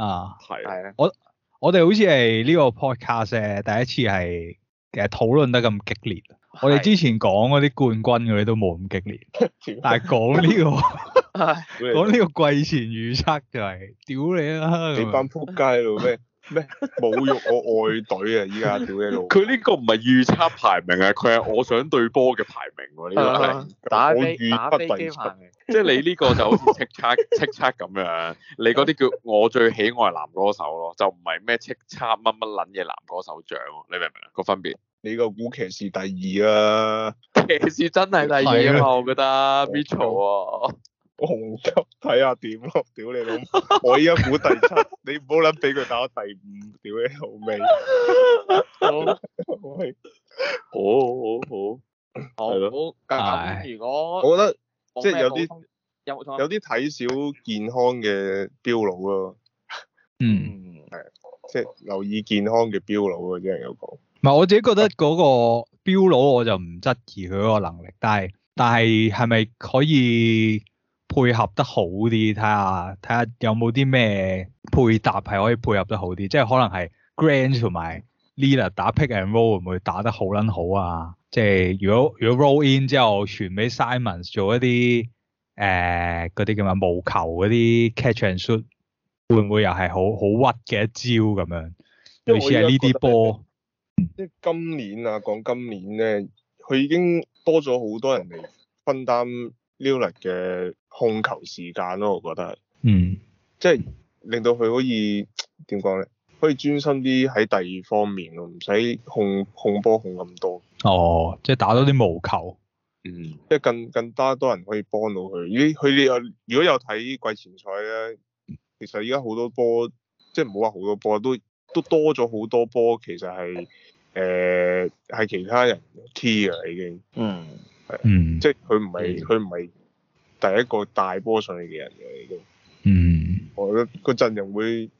啊，係的，係咧，我我哋好似係呢個 podcast 第一次係其實討論得咁激烈，的我哋之前講嗰啲冠軍嗰啲都冇咁激烈， 但係講呢個，講呢 個季前預測就係、是，屌你啦，你班扑街咯，咩？ 咩侮辱我外隊啊！依家屌你老，佢 呢個唔係預測排名啊，佢係我想對波嘅排名喎。呢 個係打飛打飛機排名， 即係你呢個就好似叱咤叱咤咁樣，你嗰啲叫我最喜愛男歌手咯，就唔係咩叱咤乜乜撚嘅男歌手獎，你明唔明啊？個分別。你個古騎士第二啊！ 騎士真係第二啊，我覺得。必錯啊！ 紅級睇下點咯，屌你老母！我依家估第七， 你唔好諗俾佢打第五，屌你老味，好， 好，好，好，好，好 了，好，係是唉如果我覺得即係有啲有啲睇少健康嘅標佬咯。嗯，係、嗯，即係、就是、留意健康嘅標佬嗰啲人有冇？唔係，我自己覺得嗰個標佬我就唔質疑佢個能力，但係但係係咪可以？配合得好啲，睇下睇下有冇啲咩配搭係可以配合得好啲，即係可能係 Grant 同埋 Lila 打 pick and roll 會唔會打得好撚好啊？即係如果如果 roll in 之後傳俾 Simon 做一啲誒嗰啲叫咩無球嗰啲 catch and shoot，會唔會又係好好屈嘅一招咁樣？類似係呢啲波。即係些今年啊，講今年咧，佢已經多咗好多人嚟分擔 Lila 嘅。控球時間咯、啊，我覺得，嗯，即係令到佢可以點講咧，可以專心啲喺第二方面咯，唔使控控波控咁多。哦，即係打多啲無球，嗯，即係更更加多人可以幫到佢。啲佢哋有如果有睇季前賽咧，其實而家好多波，即係唔好話好多波，都都多咗好多波，其實係誒係其他人 key 嘅已經，嗯，是嗯，即係佢唔係佢唔係。第一個大波上嚟嘅人嘅，都，嗯，我覺得個陣容會，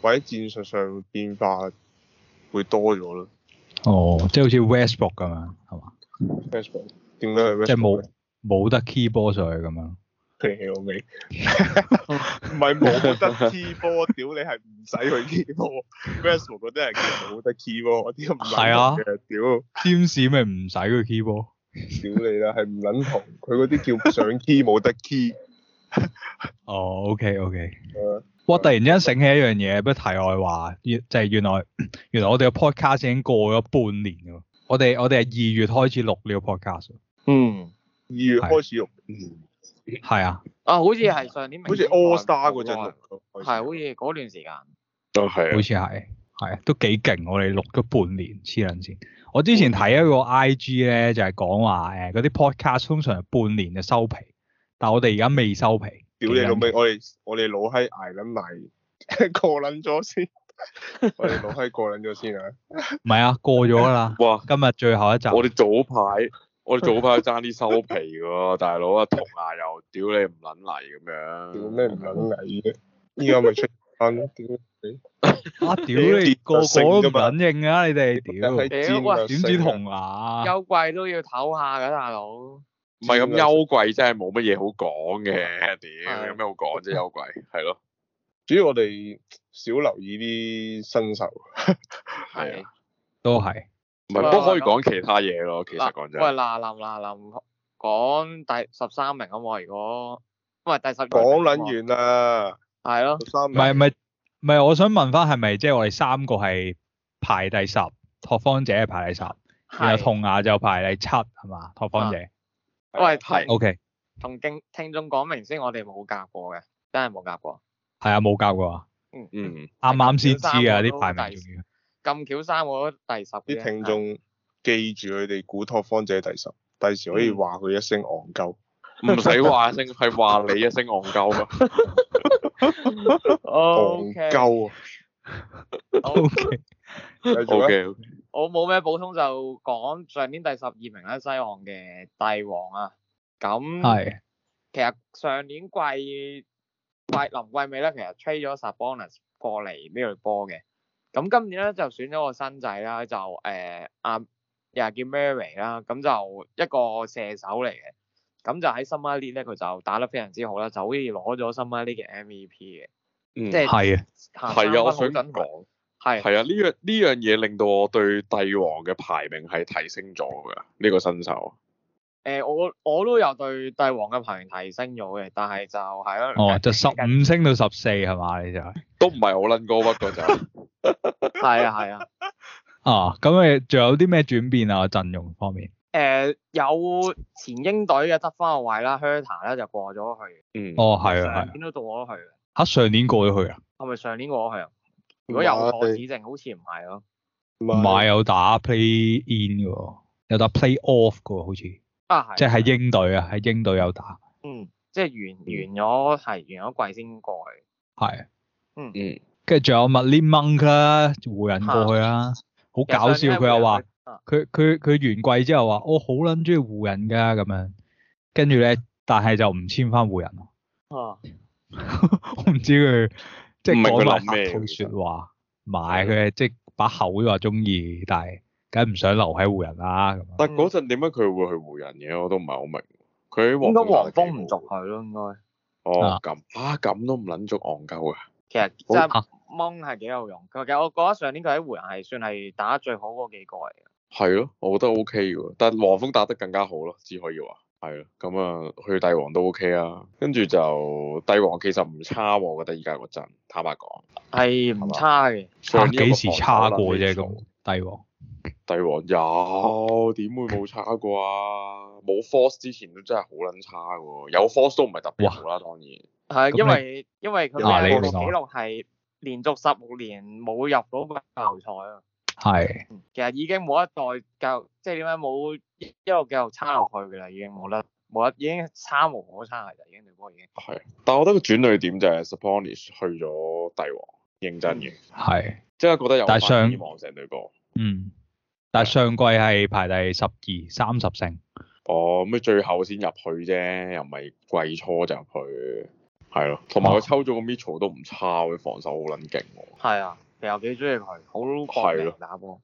或者戰術上變化會多咗咯。哦、喔，即係好似 Westbrook 咁樣，係嘛？Westbrook 點解係 Westbrook？即係冇冇得 key 波上去咁樣。平氣我未，唔係冇得 key 波屌你係唔使去 key 波 Westbrook 嗰啲人叫冇得 key 波，啲咁難嘅。係啊，屌，James 咪唔使去 key 波少你啦，係唔卵同佢嗰啲叫上 key 冇得 key。哦，OK OK、 啊。我突然之間醒起一樣嘢，不題外話，原就係、是、原來原來我哋個 podcast 已經過咗半年噶。我哋我哋係二月開始錄呢個 podcast。嗯。二月開始錄。嗯。係啊。啊，啊，好似係上年明好、嗯。好似 All Star 嗰陣。係，好似嗰段時間。都係。 好似係，係啊，都幾勁。我哋錄咗半年，黐卵線。我之前睇一個 I G 咧，就係、是、講話誒嗰、欸、啲 podcast 通常係半年就收皮，但我哋而家未收皮。屌你老的味乎，我哋我哋老閪捱撚嚟， 過撚了咗先。我哋老閪過撚咗先啊！唔係啊，過咗啦。哇！今日最後一集。我哋早排，我哋早排爭啲收皮喎， 大佬啊，同啊，又屌你唔撚嚟咁樣。屌你唔撚嚟，啫？依家咪出翻囉，屌你。啊屌你個個都唔肯應啊你哋，屌，點知紅啊？休季都要唞下噶大佬，唔係咁休季真係冇乜嘢好講嘅，屌有咩好講啫休季，係咯，主要我哋少留意啲新手，係啊，都係，唔係都可以講其他嘢咯，其實講真，喂嗱林嗱林講第十三名啊嘛，如果唔係第十，講撚完啦，係咯，唔係唔係。唔係，我想問翻係咪即係我哋三個係排第十，拓荒者係排第十，然後同牙就排第七係嘛？拓荒者，喂，係，OK，同聽聽眾講明先，我哋冇夾過嘅，真係冇夾過。係啊，冇夾過啊。嗯嗯，啱啱先知啊，啲排名。咁巧，三個都第十。啲聽眾記住佢哋估拓荒者第十，第時可以話佢一聲戇鳩，唔使話一聲，係話你一聲戇鳩㗎。O K，O K，繼續。我冇咩補充就講上年第十二名咧，西岸嘅帝王啊。咁係，其實上年季季林桂美咧，其實吹咗 Sabonis 過嚟呢隊波嘅。咁今年咧就選咗個新仔啦，就誒阿又係叫 Murray 啦，咁就一個射手嚟嘅。咁就喺新孖 l i 咧，佢就打得非常之好啦，就好似攞咗新孖 l 嘅 MVP 嘅，即係，係啊，係啊，我想講係係啊，呢樣呢樣嘢令到我對帝王嘅排名係提升咗噶呢個新手。誒，我我都有對帝王嘅排名提升咗嘅，但係就係咯，哦，就十五升到十四係嘛，你就都唔係好卵高乜嘅就，係啊係啊。哦，咁你仲有啲咩轉變啊？陣容方面？誒，有前英隊嘅得分後衛啦 Huerter 咧就過咗去。嗯。哦，係啊，係。都到咗去嘅。吓，上年過咗去啊？係咪上年過咗去啊？如果有錯指證，好似唔係咯。唔係，有打 Play In 嘅，有打 Play Off 嘅，好似。啊係。即係英隊啊，喺英隊有打。嗯。即係完完咗係完咗季先過去。係。嗯嗯。跟住仲有 Malik Monk 啊，湖人過去啊，好搞笑，佢又話。佢佢佢完季之後話我好捻中意湖人噶咁樣，跟住咧，但係就唔簽翻湖人哦，我唔知佢即係講咩說話，買佢即係把口話中意，但係梗係唔想留喺湖人啦。但嗰陣點解佢會去湖人嘅？我都唔係好明。佢黃應該黃蜂唔續佢咯，應該。哦咁啊，咁都唔捻足戇鳩啊。其實即係蒙係幾有用。其實我覺得上年佢喺湖人係算係打得最好嗰幾個嚟嘅。係咯、啊，我覺得 O K 嘅，但係黃蜂打得更加好咯，只可以話。係啦、啊，咁啊去帝王都 O、OK、K 啊，跟住就帝王其實唔差，我覺得而家嗰陣，坦白講係唔差嘅。差幾吧、啊、時差過啫？咁帝王？帝王？有，點會冇差過啊？冇 force 之前都真係好撚差嘅、啊，有 force 都唔係特別好啦，啊、當然係、啊、因為你因為佢哋個紀錄係連續十五年冇入到個球賽啊。係，其實已經冇一代教，即係點解冇一個教育差落去嘅啦，已經冇得冇一，已經差無可差係就已經隊波已經。係，但係我覺得個轉捩點就係 Sabonis 去咗帝王，認真嘅。係的，即係覺得有翻上希望成隊波。嗯，但係上季係排第十二，三十勝。的哦，咁咩最後先入去啫，又唔係季初就入去。係咯，同埋佢抽咗個 Mitchell 都唔差，佢防守好撚勁。係啊。又幾中意佢，好過人打波。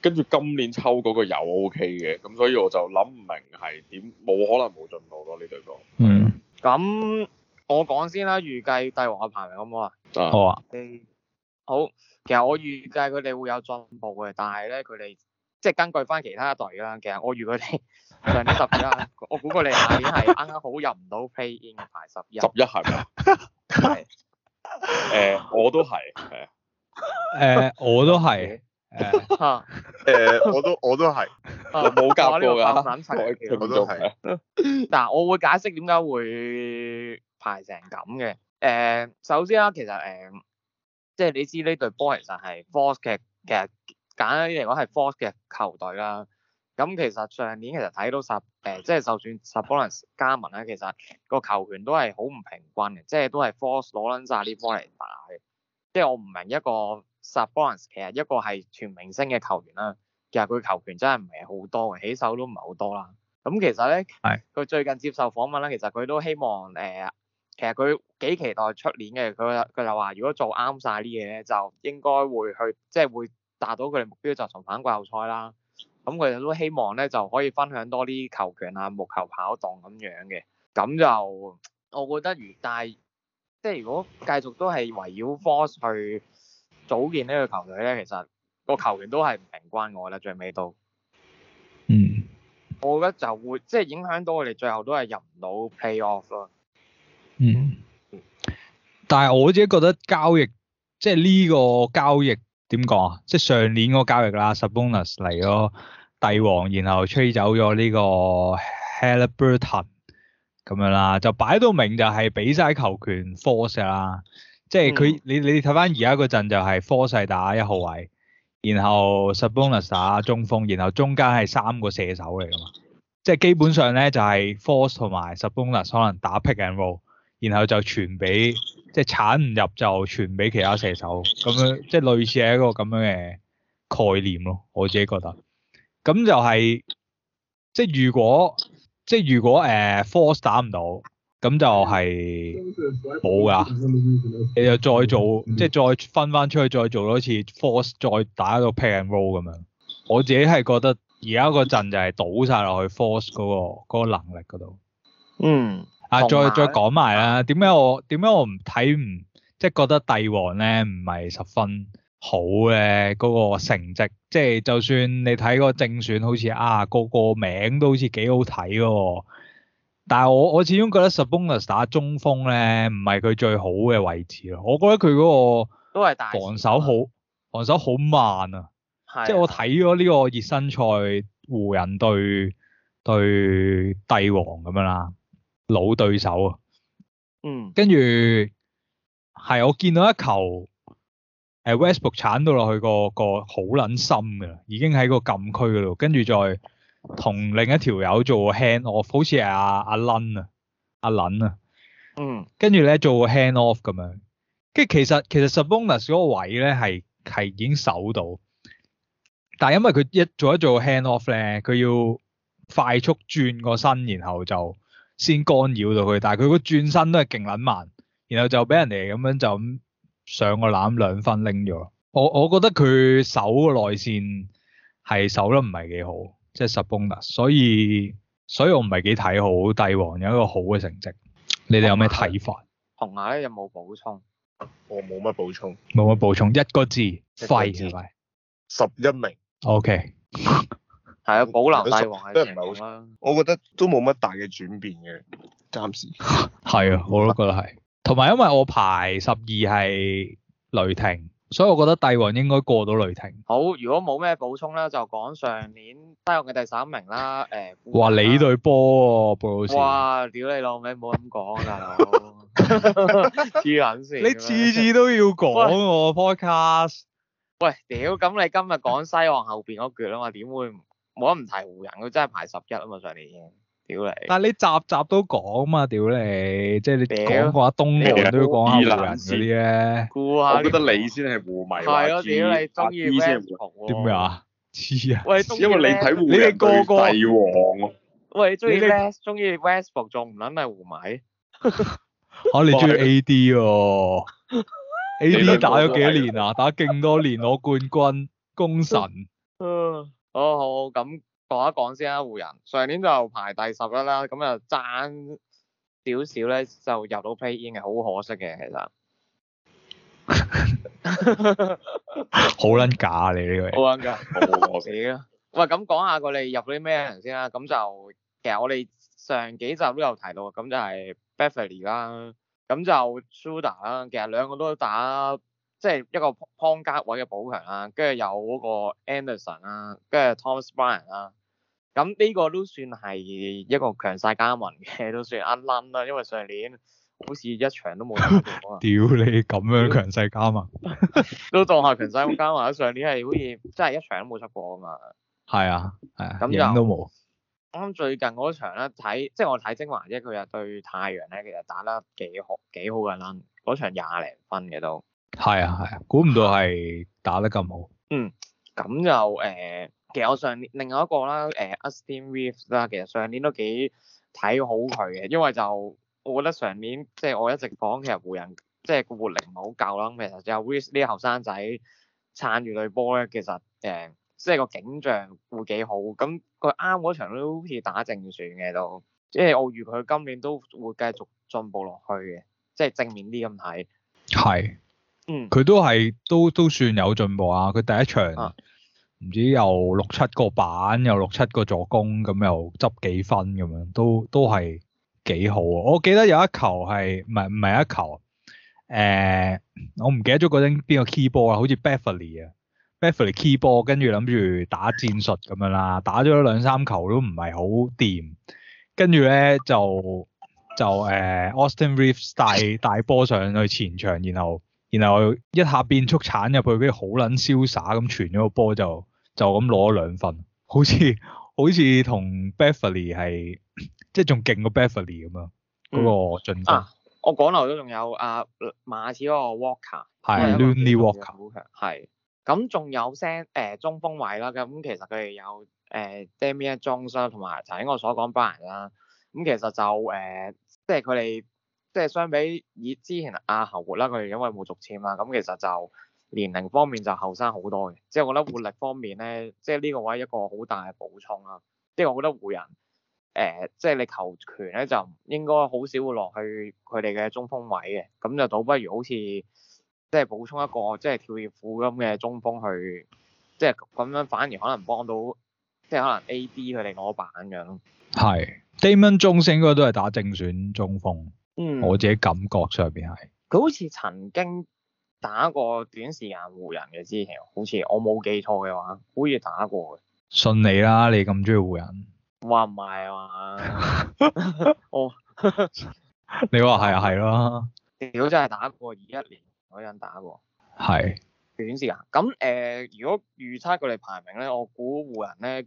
跟住今年抽嗰個又 OK 嘅，咁所以我就諗唔明係點，冇可能冇進步咯，呢隊哥。嗯，咁我講先啦，預計帝皇嘅排名好唔好啊？好啊。好，其實我預計佢哋會有進步嘅，但係咧佢哋即係根據翻其他一隊啦。其實我預佢哋上年十啊，我估佢哋下年係啱啱好入唔到 play in 嘅排十一。十一係咪？係。誒，我都係，係啊。誒，我都係，吓，誒，我都我都係，冇教過噶，我都係，但我會解釋點解會排成咁嘅。誒，首先啊，其實誒，即係你知呢隊波其實係 Fox 嘅，其實簡單啲嚟講係 Fox 嘅球隊啦。咁其實上年其實睇到十，誒，即係就算 Sabonis 加盟咧，其實個球權都係好唔平均嘅，即係都係 Fox 攞捻晒啲波嚟打嘅。即係我唔明一個 Subborns，其實一個係全明星嘅球員啦，其實佢球權真係唔係好多嘅，起手都唔係好多啦。咁其實咧，佢是最近接受訪問啦，其實佢都希望誒、呃，其實佢幾期待出年嘅，佢就佢就話，如果做啱晒啲嘢咧，就應該會去即係、就是、會達到佢哋目標，就是、重返季後賽啦。咁佢哋都希望咧就可以分享多啲球權啊、無球跑動咁樣嘅。咁就我覺得如但即係如果繼續都係圍繞 force 去組建呢個球隊咧，其實個球員都係唔明關我啦，最尾都。嗯。我覺得就會即係影響到我哋最後都係入唔到 playoff 咯。嗯。但係我自己覺得交易即係呢個交易點講啊，即係上年個交易啦，Sabonis 嚟咗帝王，然後吹走咗呢個 Haliburton。咁樣啦，就擺到明就係俾晒球權 force 啦，即係佢、嗯、你你睇翻而家嗰陣就係 force 係打一號位，然後 Sabonis 打中鋒，然後中間係三個射手嚟㗎嘛，即係基本上咧就係、是、force 同埋 Sabonis 可能打 pick and roll，然後就傳俾即係鏟唔入就傳俾其他射手咁樣，即係類似係一個咁樣嘅概念咯，我自己覺得。咁就係、是、即係如果。即係如果誒、呃、force 打唔到，咁就係冇㗎。你就 再做，即係再分翻出去，再做多次 force，再打一個 plan roll 咁樣。我自己係覺得而家嗰陣就係倒晒落去 force 嗰、嗰個嗰個能力嗰度。嗯，啊，再再講埋啦。點解我點解我唔睇唔即係覺得帝王咧唔係十分？好嘅，嗰、那個成績，即係就算你睇個正選，好似啊個個名都好似幾好睇喎、哦。但係我我始終覺得 Sabonis 打中鋒咧，唔係佢最好嘅位置咯。我覺得佢嗰個都係大防守好，防守好慢啊。的即係我睇咗呢個熱身賽，湖人對對帝王咁樣啦，老對手啊。嗯，跟住係我見到一球。誒、啊、Westbrook、ok、鏟到落去個個好撚深㗎喇，已經喺個禁區嗰度，跟住再同另一條友做 hand off，好似係阿阿 Len 啊，阿、啊、Len 啊，嗯、啊啊，跟住咧做 hand off 咁樣，跟其實其實 Sabonis 嗰個位咧係係已經守到，但係因為佢一做一做 hand off 咧，佢要快速轉個身，然後就先干擾到佢，但係佢個轉身都係勁撚慢，然後就俾人哋咁樣就咁。上個籃兩分拎咗，我我覺得佢守個內線係守得唔係幾好，即係十崩啦，所以所以我唔係幾睇好帝王。有一個好嘅成績，你哋有咩睇法？紅牙咧有冇補充？我冇乜補充，冇乜補充，一個字廢，十一名。O K，係啊，寶藍帝王都唔係好啦，我覺得都冇乜大嘅轉變嘅，暫時係啊，等等我都覺得係。同埋因為我排十二係雷霆，所以我覺得帝王應該過到雷霆。好，如果冇咩補充咧，就講上年西岸嘅第三名啦。誒、呃，哇你對波喎，啊，布老師。哇，屌你老味，冇咁講啊，黐撚線。你次次都要講喎 Podcast。喂，喂，屌，咁你今日講西岸後邊嗰橛啊嘛？點會冇得唔提湖人？佢真係排十一啊嘛，上年。屌你！但你集集都講嘛，屌你！即係你講過阿東皇，都要講阿湖人嗰啲估下，我覺得你先係湖迷。係我屌你，中意 West 唔點咩話？黐啊！因為你睇湖人隊帝王咯。喂，你中意 West？中意 Westbrook 仲唔撚係湖迷。吓、 啊、你中意 AD 哦 ？AD 打咗幾多年啊？ 打勁多年攞冠軍，功臣 哦。好哦好咁。講一講先啦，湖人上年就排第十一啦，咁又爭少少咧，就入到 Play In 嘅，好可惜嘅其實。好撚假啊你呢個！好撚假，死啦！喂，咁講下佢哋入咗啲咩人先啊？咁就其實我哋上幾集都有提到，咁就係 Beverly 啦，咁就 Schroder 啦，其實兩個都打。即係一個 point guard 位嘅補強啊，跟住有嗰個 Anderson 啊，跟住 Thomas Bryant 啦、啊，咁呢個都算係一個強勢加盟嘅，都算啱撚啦。因為上年好似一場都冇屌 你咁樣強勢加盟， 都當下強勢咁加盟。上年係好似真係一場都冇出過啊嘛。係 就啊，係啊，影都冇。啱、嗯、最近嗰場咧睇，即係我睇精華啫。佢又對太陽咧，其實打得幾好幾好嘅撚，嗰場廿零分嘅都。係啊係啊，估唔、啊、到係打得咁好。嗯，咁就誒、呃，其實我上年另外一個啦，誒，Austin Reeves 啦，Reeves，其實上年都幾睇好佢嘅，因為就我覺得上年即係、就是、我一直講，其實湖人即係個活力唔係好夠啦。其實就 Reeves 後生仔撐住隊波咧，其實誒，即係個景象會幾好。咁佢啱嗰場都好似打正選嘅都，即係、就是、我預佢今年都會繼續進步落去嘅，即、就、係、是、正面啲咁睇。係。嗯，佢都係都都算有進步啊！佢第一場唔知有六七個板，有六七個助攻，咁又執幾分咁樣，都都係幾好。啊。我記得有一球係唔係唔係一球？誒、呃，我唔記得咗嗰陣邊個 key 波啊？好似 Beverley 啊，Beverley key 波跟住諗住打戰術咁樣啦，打咗兩三球都唔係好掂，跟住咧就就誒、呃、Austin Reeves 帶帶 波上去前場，然後。然後一下變速鏟入去，俾好撚瀟灑咁傳咗個波，就就咁攞兩分，好似好似同 Beverly 係即係仲勁過 Beverly 咁樣嗰、那個進攻。嗯啊、我講漏都仲有阿、啊、馬刺嗰 walk、er, 個 Walker，係 Lonnie Walker，係咁仲有 s e 中鋒位啦。咁其實佢哋有誒、呃、Damian Jones 同埋就喺我所講班人啦。咁其實就誒、呃，即係佢哋。即係相比以之前阿、啊、侯活啦，佢哋因為冇續簽啦，咁其實就年齡方面就後生好多嘅。即係我覺得活力方面咧，即係呢個位一個好大嘅補充啦。即係我覺得湖人誒，即、呃、係、就是、你球權咧就應該好少會落去佢哋嘅中鋒位嘅，咁就倒不如好似即係補充一個即係、就是、跳躍富金嘅中鋒去，即係咁樣反而可能幫到即係、就是、可能 AD 佢哋攞板咁樣。係，Damian Jones 應該都係打正選中鋒。嗯，我自己感覺上邊係佢好似曾經打過短時間湖人嘅之前，好似我冇記錯嘅話，好似打過嘅。信你啦，你咁中意湖人，話唔係啊嘛？哦，你話係啊，係咯。屌，真係打過二一年嗰陣打過，係是短時間咁誒、呃。如果預測佢哋排名咧，我估湖人咧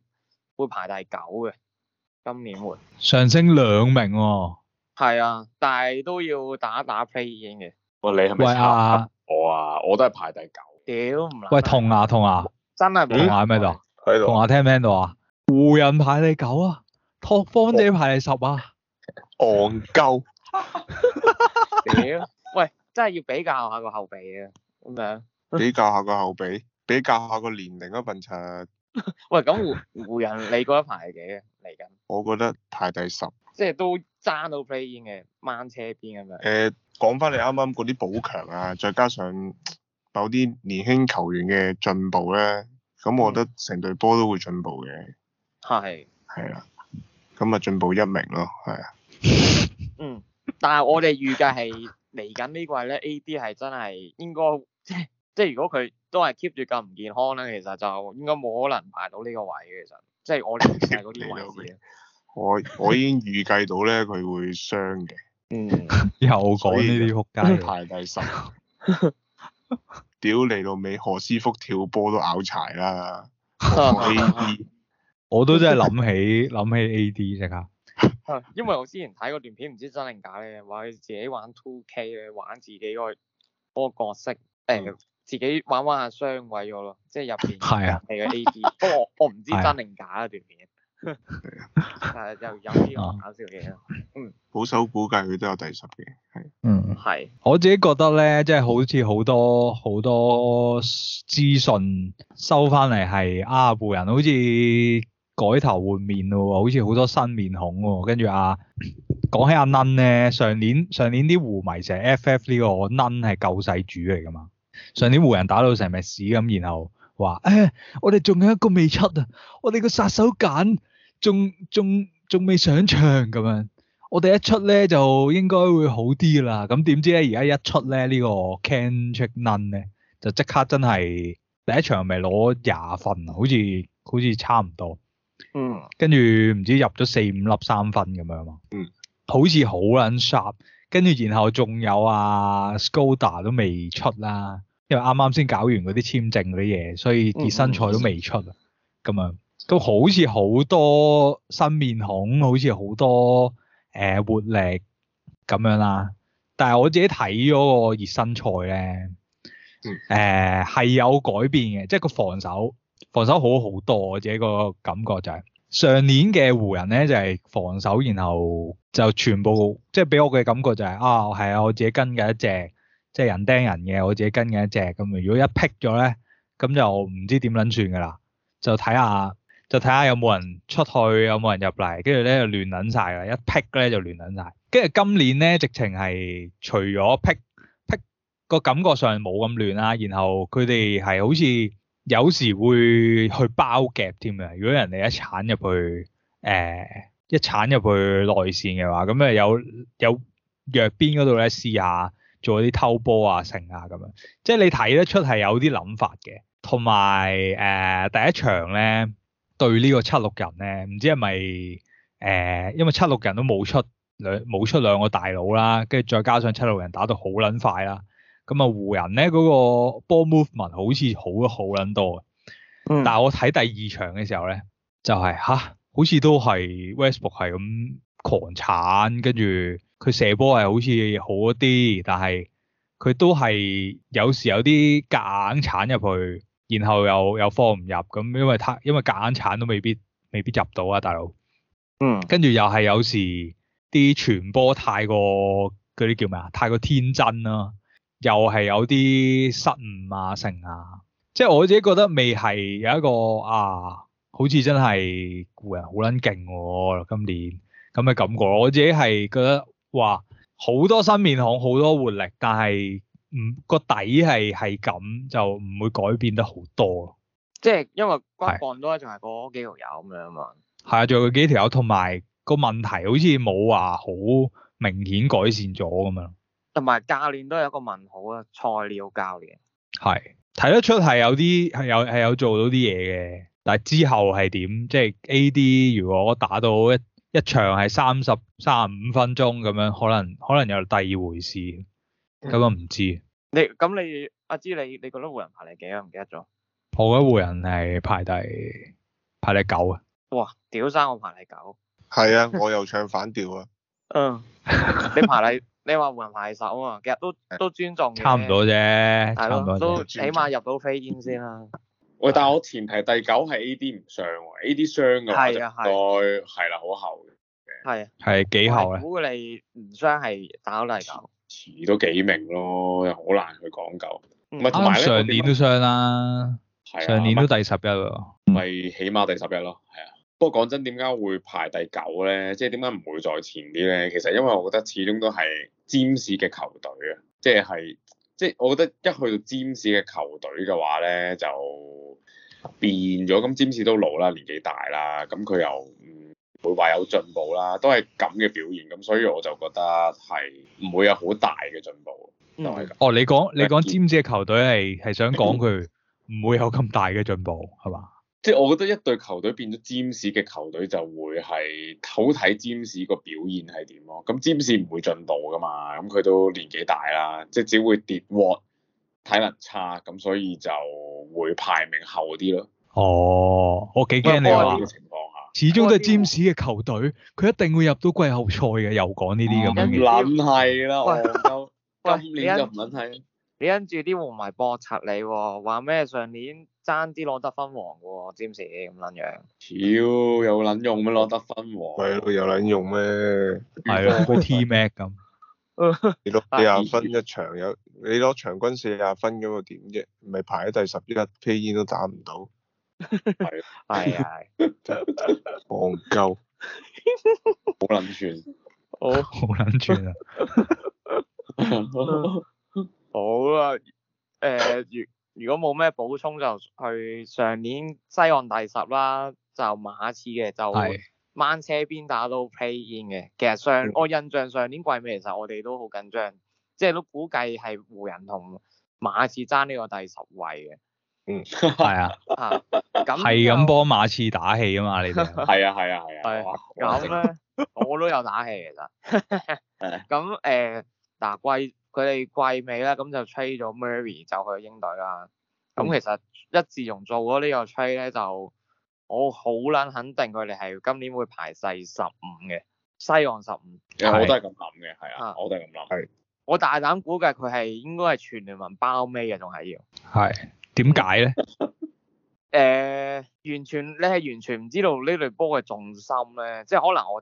會排第九嘅，今年會上升兩名喎、哦。係啊，但係都要打打 play-in 嘅。喂，啊、喂，你係咪差我啊？我都係排第九。屌，唔係。喂，同啊，同啊。真係。同啊喺咩度？喺度。同啊聽唔聽到啊？湖人排第九啊，拓荒者排第十啊。戇鳩。屌，喂，真係要比較下個後備啊，咁樣。比較下個後備，比較下個年齡啊，笨柒。喂，咁湖湖人你嗰一排係幾嘅嚟緊？我覺得排第十。即係都。爭到 play in 嘅，掹車邊咁樣。誒、呃，講翻你啱啱嗰啲補強啊， 再加上某啲年輕球員嘅進步咧，咁、嗯、我覺得成隊波都會進步嘅。係。係啊，咁啊進步一名咯，係啊。 嗯，但係我哋預計係嚟緊呢季咧，AD 係真係應該， 即即如果佢都係 keep 住咁唔健康咧，其實就應該冇可能排到呢個位嘅，其實，即係我哋啲位置。 可 我我已經預計到咧，佢會傷嘅。嗯，我講呢啲撲街，太低薪。屌嚟到尾，何師福跳波都拗柴啦，我都真係諗起諗起 AD 即刻。因為我之前睇過段片，唔知真定假咧，話佢自己玩 Two K 咧，玩自己個嗰個角色，誒，自己玩玩下雙位咗咯，即係入邊係呀，係個 AD。不過我唔知真定假啊段片。係啊，就飲呢個搞笑嘢咯。嗯，保守估計佢都有第十嘅，係。嗯，係。我自己覺得咧，即係好似好多好多資訊收翻嚟係阿湖人，好似改頭換面咯，好似好多新面孔。跟住啊，講起阿 Nunn 咧，上年上年啲湖迷成日 F F 呢個 Nunn 係救世主嚟噶嘛？上年湖人打到成片屎咁，然後。話誒、哎，我哋仲有一個未出啊，我哋個殺手鐧仲仲仲未上場咁樣，我哋一出咧就應該會好啲啦。咁點知咧，而家一出咧呢、呢個 Kendrick Nunn e 咧，就即刻真係第一場咪攞廿分啊，好似好似差唔多。嗯。跟住唔知入咗四五粒三分咁樣嘛。嗯。好似好撚 sharp，跟住然後仲有啊 Scoda 都未出啦。因為啱啱先搞完嗰啲簽證嗰啲嘢，所以熱身賽都未出，咁樣都好似好多新面孔，好似好多誒、呃、活力咁樣啦。但係我自己睇咗個熱身賽咧，誒、呃、係有改變嘅，即係個防守防守好好多。我自己個感覺就係、是、上年嘅湖人咧就係、是、防守，然後就全部即係俾我嘅感覺就係啊係啊，我自己跟嘅一隻。即係人釘人嘅，我自己跟緊一隻咁。如果一辟咗咧，咁就唔知點撚算㗎啦。就睇下，就睇下有冇人出去，有冇人入嚟，跟住咧就亂撚晒啦。一辟咧就亂撚晒。跟住今年咧，直情係除咗辟，辟個感覺上冇咁亂啦。然後佢哋係好似有時會去包夾添嘅。如果人哋一鏟入去，誒、呃、一鏟入去內線嘅話，咁誒有有弱邊嗰度咧試下。做啲偷波啊、勝啊咁樣，即係你睇得出係有啲諗法嘅。同埋誒第一場咧對個呢個七六人咧，唔知係咪誒？因為七六人都冇出兩冇出兩個大佬啦，跟住再加上七六人打到好撚快啦，咁啊湖人咧嗰、嗰個 ball movement 好似好好撚多嘅。但係我睇第二場嘅時候咧，就係、是、嚇，好似都係 Westbrook 係咁狂鏟，跟住。佢射波係好似好一啲，但係佢都係有時有啲夾硬鏟入去，然後又又放唔入咁，因為他因為夾硬鏟都未必未必入到啊，大佬。嗯。跟住又係有時啲傳波太過嗰啲叫咩啊？太過天真咯、啊，又係有啲失誤啊成啊，即係我自己覺得未係有一個啊，好似真係湖人好撚勁喎，今年咁嘅感覺。我自己係覺得。哇好多新面孔，好多活力，但係唔、嗯、個底係係咁，就唔會改變得好多咯。即係因為骨幹都係仲係嗰幾條友咁樣嘛。係啊，仲有幾條友，同埋個問題好似冇話好明顯改善咗咁樣。同埋教練都有一個問號啊！菜鳥教練係睇得出係有啲係有係有做到啲嘢嘅，但係之後係點？即、就、係、是、AD 如果打到一。一場係三十三十五分鐘咁樣，可能可能有第二回事，咁、嗯、我唔知你你。你咁你阿芝你你覺得湖人排第幾啊？唔記得咗。我覺得湖人係排第排第九啊。哇！屌生我排第九。係啊，我又唱反調啊。 嗯。你排第你話湖人排第十啊？其實都 都尊重差唔多啫，係咯，都起碼入到飛先啦。喂，但係我前提第九係 A.D 唔傷，A.D 傷嘅話就唔該，係啦，好後嘅。係係幾後咧？如果你唔傷係打到第九，遲都幾名咯，又好難去講究。唔係同埋上年都傷啦，上年都第十一咯。咪起碼第十一咯，係啊。不過講真，點解會排第九咧？即係點解唔會再前啲咧？其實因為我覺得始終都係占士嘅球隊啊，即係。即係我覺得一去到詹士嘅球隊嘅話咧，就變咗。咁詹士都老啦，年紀大啦，咁佢又唔會話有進步啦，都係咁嘅表現。咁所以我就覺得係唔會有好大嘅進步。嗯、哦，你講你講詹士嘅球隊，係係想講佢唔會有咁大嘅進步係嘛？嗯即係我覺得一隊球隊變咗詹士嘅球隊，就會係好睇詹士個表現係點咯，咁詹士唔會進步噶嘛，咁佢都年紀大啦，即係只會跌鑊，體能差，咁所以就會排名後啲咯。哦，我幾驚你話、欸，有有呢個情況下始終都係詹士嘅球隊，佢一定會入到季後賽嘅。又講呢啲咁樣嘅，唔捻、啊、我都啦， 喂今年就唔捻係。 你跟住啲皇迷駁拆你喎、啊，話咩上年爭啲攞得分王嘅喎，詹士咁撚樣、啊。屌有撚用咩攞得分王？咪咯有撚用咩？係咯，好似 T Mac 咁。你攞四廿分一場有，嗯、你攞場均四廿分咁啊點啫？唔係排喺第十，依家 Play In 都打唔到。係啊。係啊。就戇鳩，好撚串。好，好撚串啊。 好啦、啊，誒、呃，如如果冇咩補充就去上年西岸第十啦，就馬刺嘅就掹車邊打到 play in 嘅，其實上我印象上年季尾其實我哋都好緊張，即係都估計係湖人同馬刺爭呢個第十位嘅。嗯，係啊，嚇、 嗯，咁係咁幫馬刺打氣啊嘛，你哋係啊係啊係啊，咁咧我都有打氣其實，咁 誒，但、呃、季佢哋季尾啦，咁就 trade 咗 Murray 就去鷹隊啦。咁其實一自從做咗呢個 trade 咧，就我好捻肯定佢哋係今年會排世十五嘅西岸十五。我都係咁諗嘅，係啊，我都係咁諗。係、啊、是我大膽估計佢係應該係全聯盟包尾嘅，仲係要。係點解咧？誒、 呃，完全你係完全唔知道呢隊波嘅重心咧，即係可能我。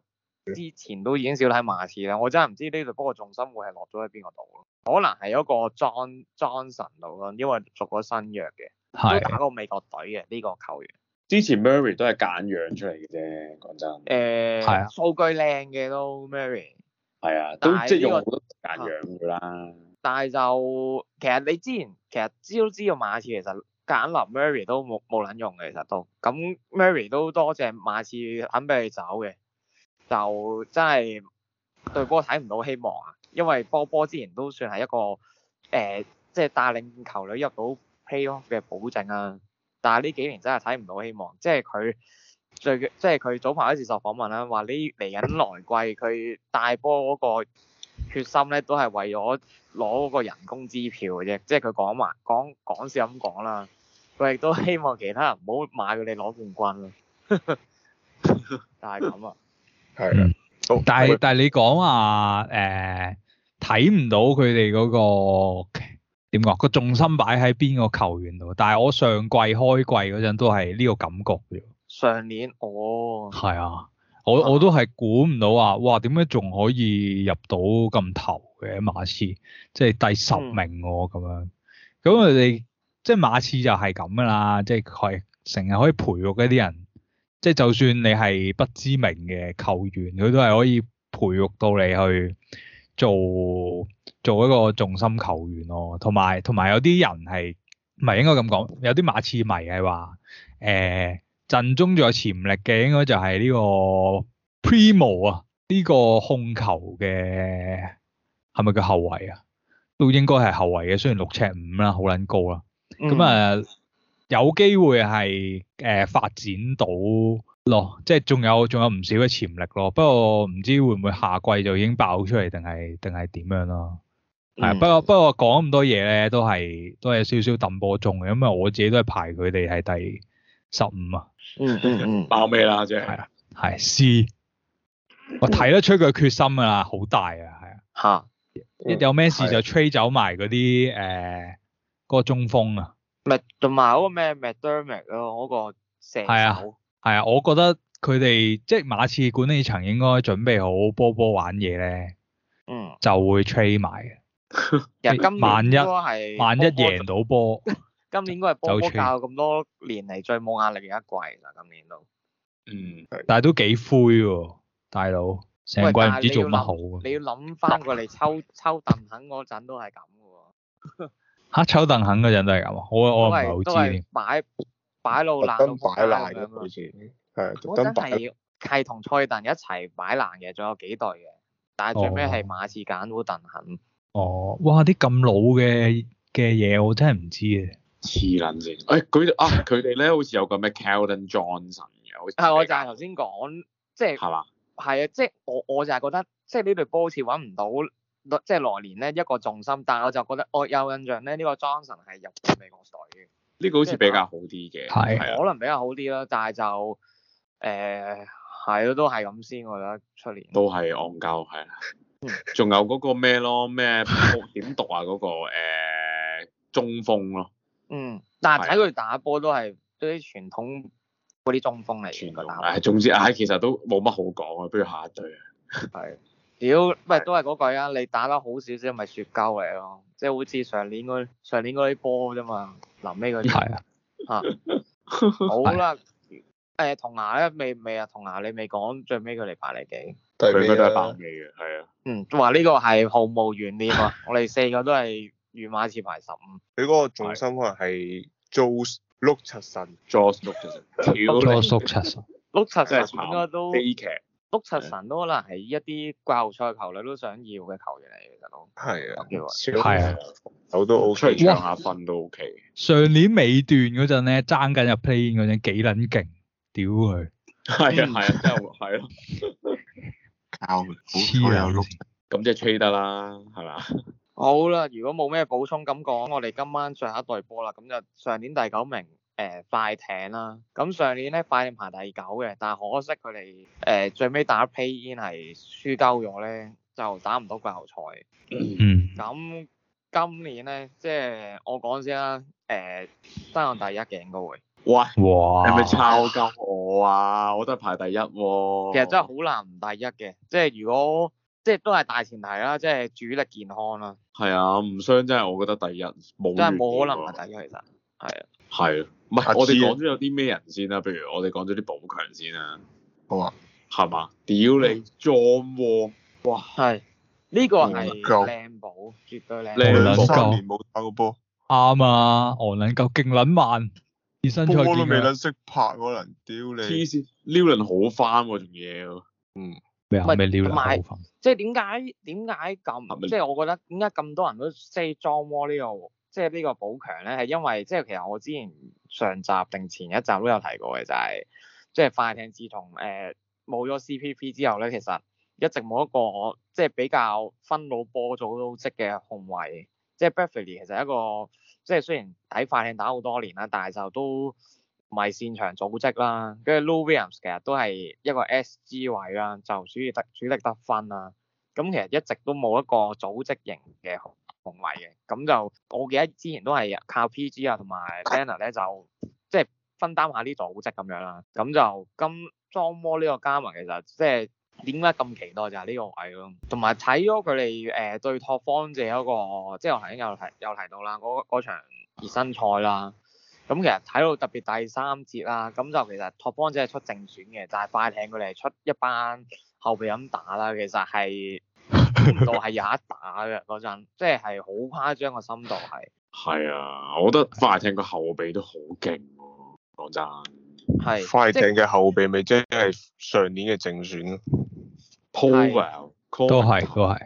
之前都已經少睇馬刺啦，我真係唔知呢度嗰個重心會係落咗喺邊個度咯？可能係一個 Johnson 度咯，因為續咗新約嘅，啊、都打過美國隊嘅呢、呢個球員。之前 Murray 都係夾硬養出嚟嘅啫，講真。誒、呃，係啊，數據靚嘅都 Murray。係啊，都即係用好多夾硬養噶啦、啊。但係就其實你之前其實知都知道馬刺其實夾立 Murray 都冇冇撚用嘅，其實都咁 Murray 都多謝馬刺肯俾佢走嘅。就真係對波睇唔到希望啊！因為波波之前都算係一個誒、呃，即係帶領球隊入到 playoff 嘅保證啊。但係呢幾年真係睇唔到希望，即係佢最即係佢早排一次做訪問啦、啊，話呢嚟緊來季佢帶波嗰個決心咧，都係為咗攞嗰個人工支票嘅啫。即係佢講話講講笑咁講啦。佢亦都希望其他人唔好買佢哋攞冠軍啦。但係咁啊～ 這 係但係但係你講話誒，睇唔到佢哋嗰個點講個重心擺喺邊個球員度？但係我上季開季嗰陣都係呢個感覺嘅。上年哦，係啊，我我都係估唔到啊！哇，點解仲可以入到咁頭嘅馬刺？即係第十名喎咁樣。咁佢哋即係馬刺就係咁噶啦，即係佢成日可以培育一啲人。即係就算你係不知名嘅球員，佢都係可以培育到你去做做一個重心球員咯。同埋同埋有啲人係，唔係應該咁講，有啲馬刺迷係話，誒、呃、陣中仲有潛力嘅、啊，應該就係呢個 Primo 啊，呢個控球嘅係咪叫後衞啊？都應該係後衞嘅，雖然六尺五啦，好撚高啦。咁啊～、嗯有機會係誒、呃、發展到咯，即係仲有仲有唔少嘅潛力咯。不過唔知會唔會下季就已經爆出嚟，定係定係點樣咯？係不過不過講咁多嘢咧，都係都係少少揼波鐘嘅，因為我自己都係排佢哋係第十五啊。嗯嗯嗯，嗯嗯 包尾啦了，即係係啊，C。嗯、我睇得出佢嘅決心啊，好大啊，係啊。嚇、嗯！嗯、一有咩事就吹走埋嗰啲誒嗰個中鋒啊。嗰個同埋嗰個咩 McDermott 咯，嗰個射手。係啊，係啊，我覺得佢哋即係馬刺管理層應該準備好波波玩嘢咧。嗯。就會吹埋。其實、嗯、今年波波係。萬一,萬一贏到波，今年應該係波波教咁多年嚟最冇壓力嘅一季啦，今年都。嗯。嗯嗯，但係都幾灰喎，大佬。成季唔知做乜好，好你。你要諗翻過嚟抽抽鄧肯嗰陣都係咁嘅喎。 阿秋鄧肯嗰陣都係咁啊！我我唔係好知。都係擺擺老爛，擺爛咁啊！得得正 sey，好似係。我真係係同蔡鄧一齊擺爛嘅，仲有幾對嘅，但係最尾係馬刺揀到鄧肯。哦！哇！啲咁老嘅嘅嘢我真係唔知啊。黐撚線！誒佢啊佢哋咧好似有個咩 Keldon Johnson 嘅，好似係我就係頭先講，即係係嘛？係啊，即係我我就係覺得，即係呢隊波好似揾唔到。即係來年咧一個重心，但係我就覺得我有印象咧，呢、這個 Johnson 係入咗美國隊嘅。呢個好似比較好啲嘅，係是啊，可能比較好啲啦，但係就誒係咯，都係咁先，我覺得出年都係戇鳩係啦。仲、啊、 有嗰個咩咯？咩點讀啊？嗰、那個、呃、中鋒咯。嗯，但係睇佢打波都係都啲傳統嗰啲中鋒嚟嘅。傳統誒，球總之唉，其實都冇乜好講啊，不如下一隊啊。係。 屌，咪都係嗰句啊！你打得好少少，咪雪糕嚟咯，即係好似上年嗰、上年啲波啫嘛。臨尾嗰排，嚇，好啦。誒，銅牙咧未未啊，銅牙你未講最尾佢嚟排你幾？佢都係排你嘅，係啊。嗯，話、啊、呢、這個係毫無懸念啊！我哋四個都係預馬前排十五。佢嗰 個重心可能係 j o e Lucassen，j o e Lucassen，Jos l u c a e n s s e n 底啊都 碌柒神都可能係一啲季後賽球隊都想要嘅球員嚟嘅都，係啊，係啊，我都好，出嚟搶下分都 O K。上年尾段嗰陣咧，爭緊入 playin 嗰陣幾撚勁，屌佢，係啊，係啊，真係，係咯，教超有碌，咁即係吹得啦，係嘛？好啦，如果冇咩補充咁講，我哋今晚最後一隊波啦，咁就上年第九名。誒，快艇啦，咁上年咧，快艇排第九嘅，但係可惜佢哋誒最尾打 play-in 係輸鳩咗咧，就打唔到季後賽。咁今年咧，即係我講先啦，誒，得我第一嘅應該會。哇！哇！係咪抄金我啊？我都係排第一。其實真係好難唔第一嘅，即係如果即係都係大前提啦，即係主力健康啦。係啊，唔傷真係我覺得第一，冇。真係冇可能係第一，其實係啊。係，唔係、啊、我哋講咗有啲咩人先啦，譬如我哋講咗啲寶強先啦，好啊，係嘛？屌你 j o 哇，係，呢、這個係靚寶，絕對靚。韓冷夠。三年冇打過波。啱啊足，我冷夠勁，冷慢，連波都未捻識拍可能。屌你，黐線 l i n 好翻喎，仲要。嗯。咪 unf 啊，未。唔係。即係點解點解咁？即係我覺得點解咁多人都 say j o 呢個？即係呢個補強咧，係因為即係、就是、其實我之前上集定前一集都有提過嘅、就是，就係即係快艇自從誒冇咗 C.P.P. 之後咧，其實一直冇一個即係、就是、比較分老波組組織嘅控衞。即、就、係、是、Beverley 其實一個即係、就是、雖然喺快艇打好多年啦，但係就都唔係擅長組織啦。跟住 Lou Williams 其實都係一個 S.G. 位啦，就主要得主力得分啦。咁其實一直都冇一個組織型嘅控控位嘅，咁就、嗯、我記得之前都係靠 PG 啊，同埋 banner 咧就即係、就是、分擔下呢組織咁樣啦。咁就今莊摩呢個加盟，其實即係、就是、點解咁期待就係呢個位咯。同埋睇咗佢哋誒對拓荒者嗰個，即、就、係、是、我頭先有提有提到啦，嗰嗰場熱身賽啦。咁其實睇到特別第三節啦，咁就其實拓荒者係出正選嘅，就係快艇佢哋係出一班後備咁打啦。其實係。深度係有一打嘅嗰陣，即係好誇張個深度係。係啊，我覺得快艇個後備都好勁喎，講真。係。快艇嘅後備咪即係上年嘅正選，Powell、Coffee 都係都係。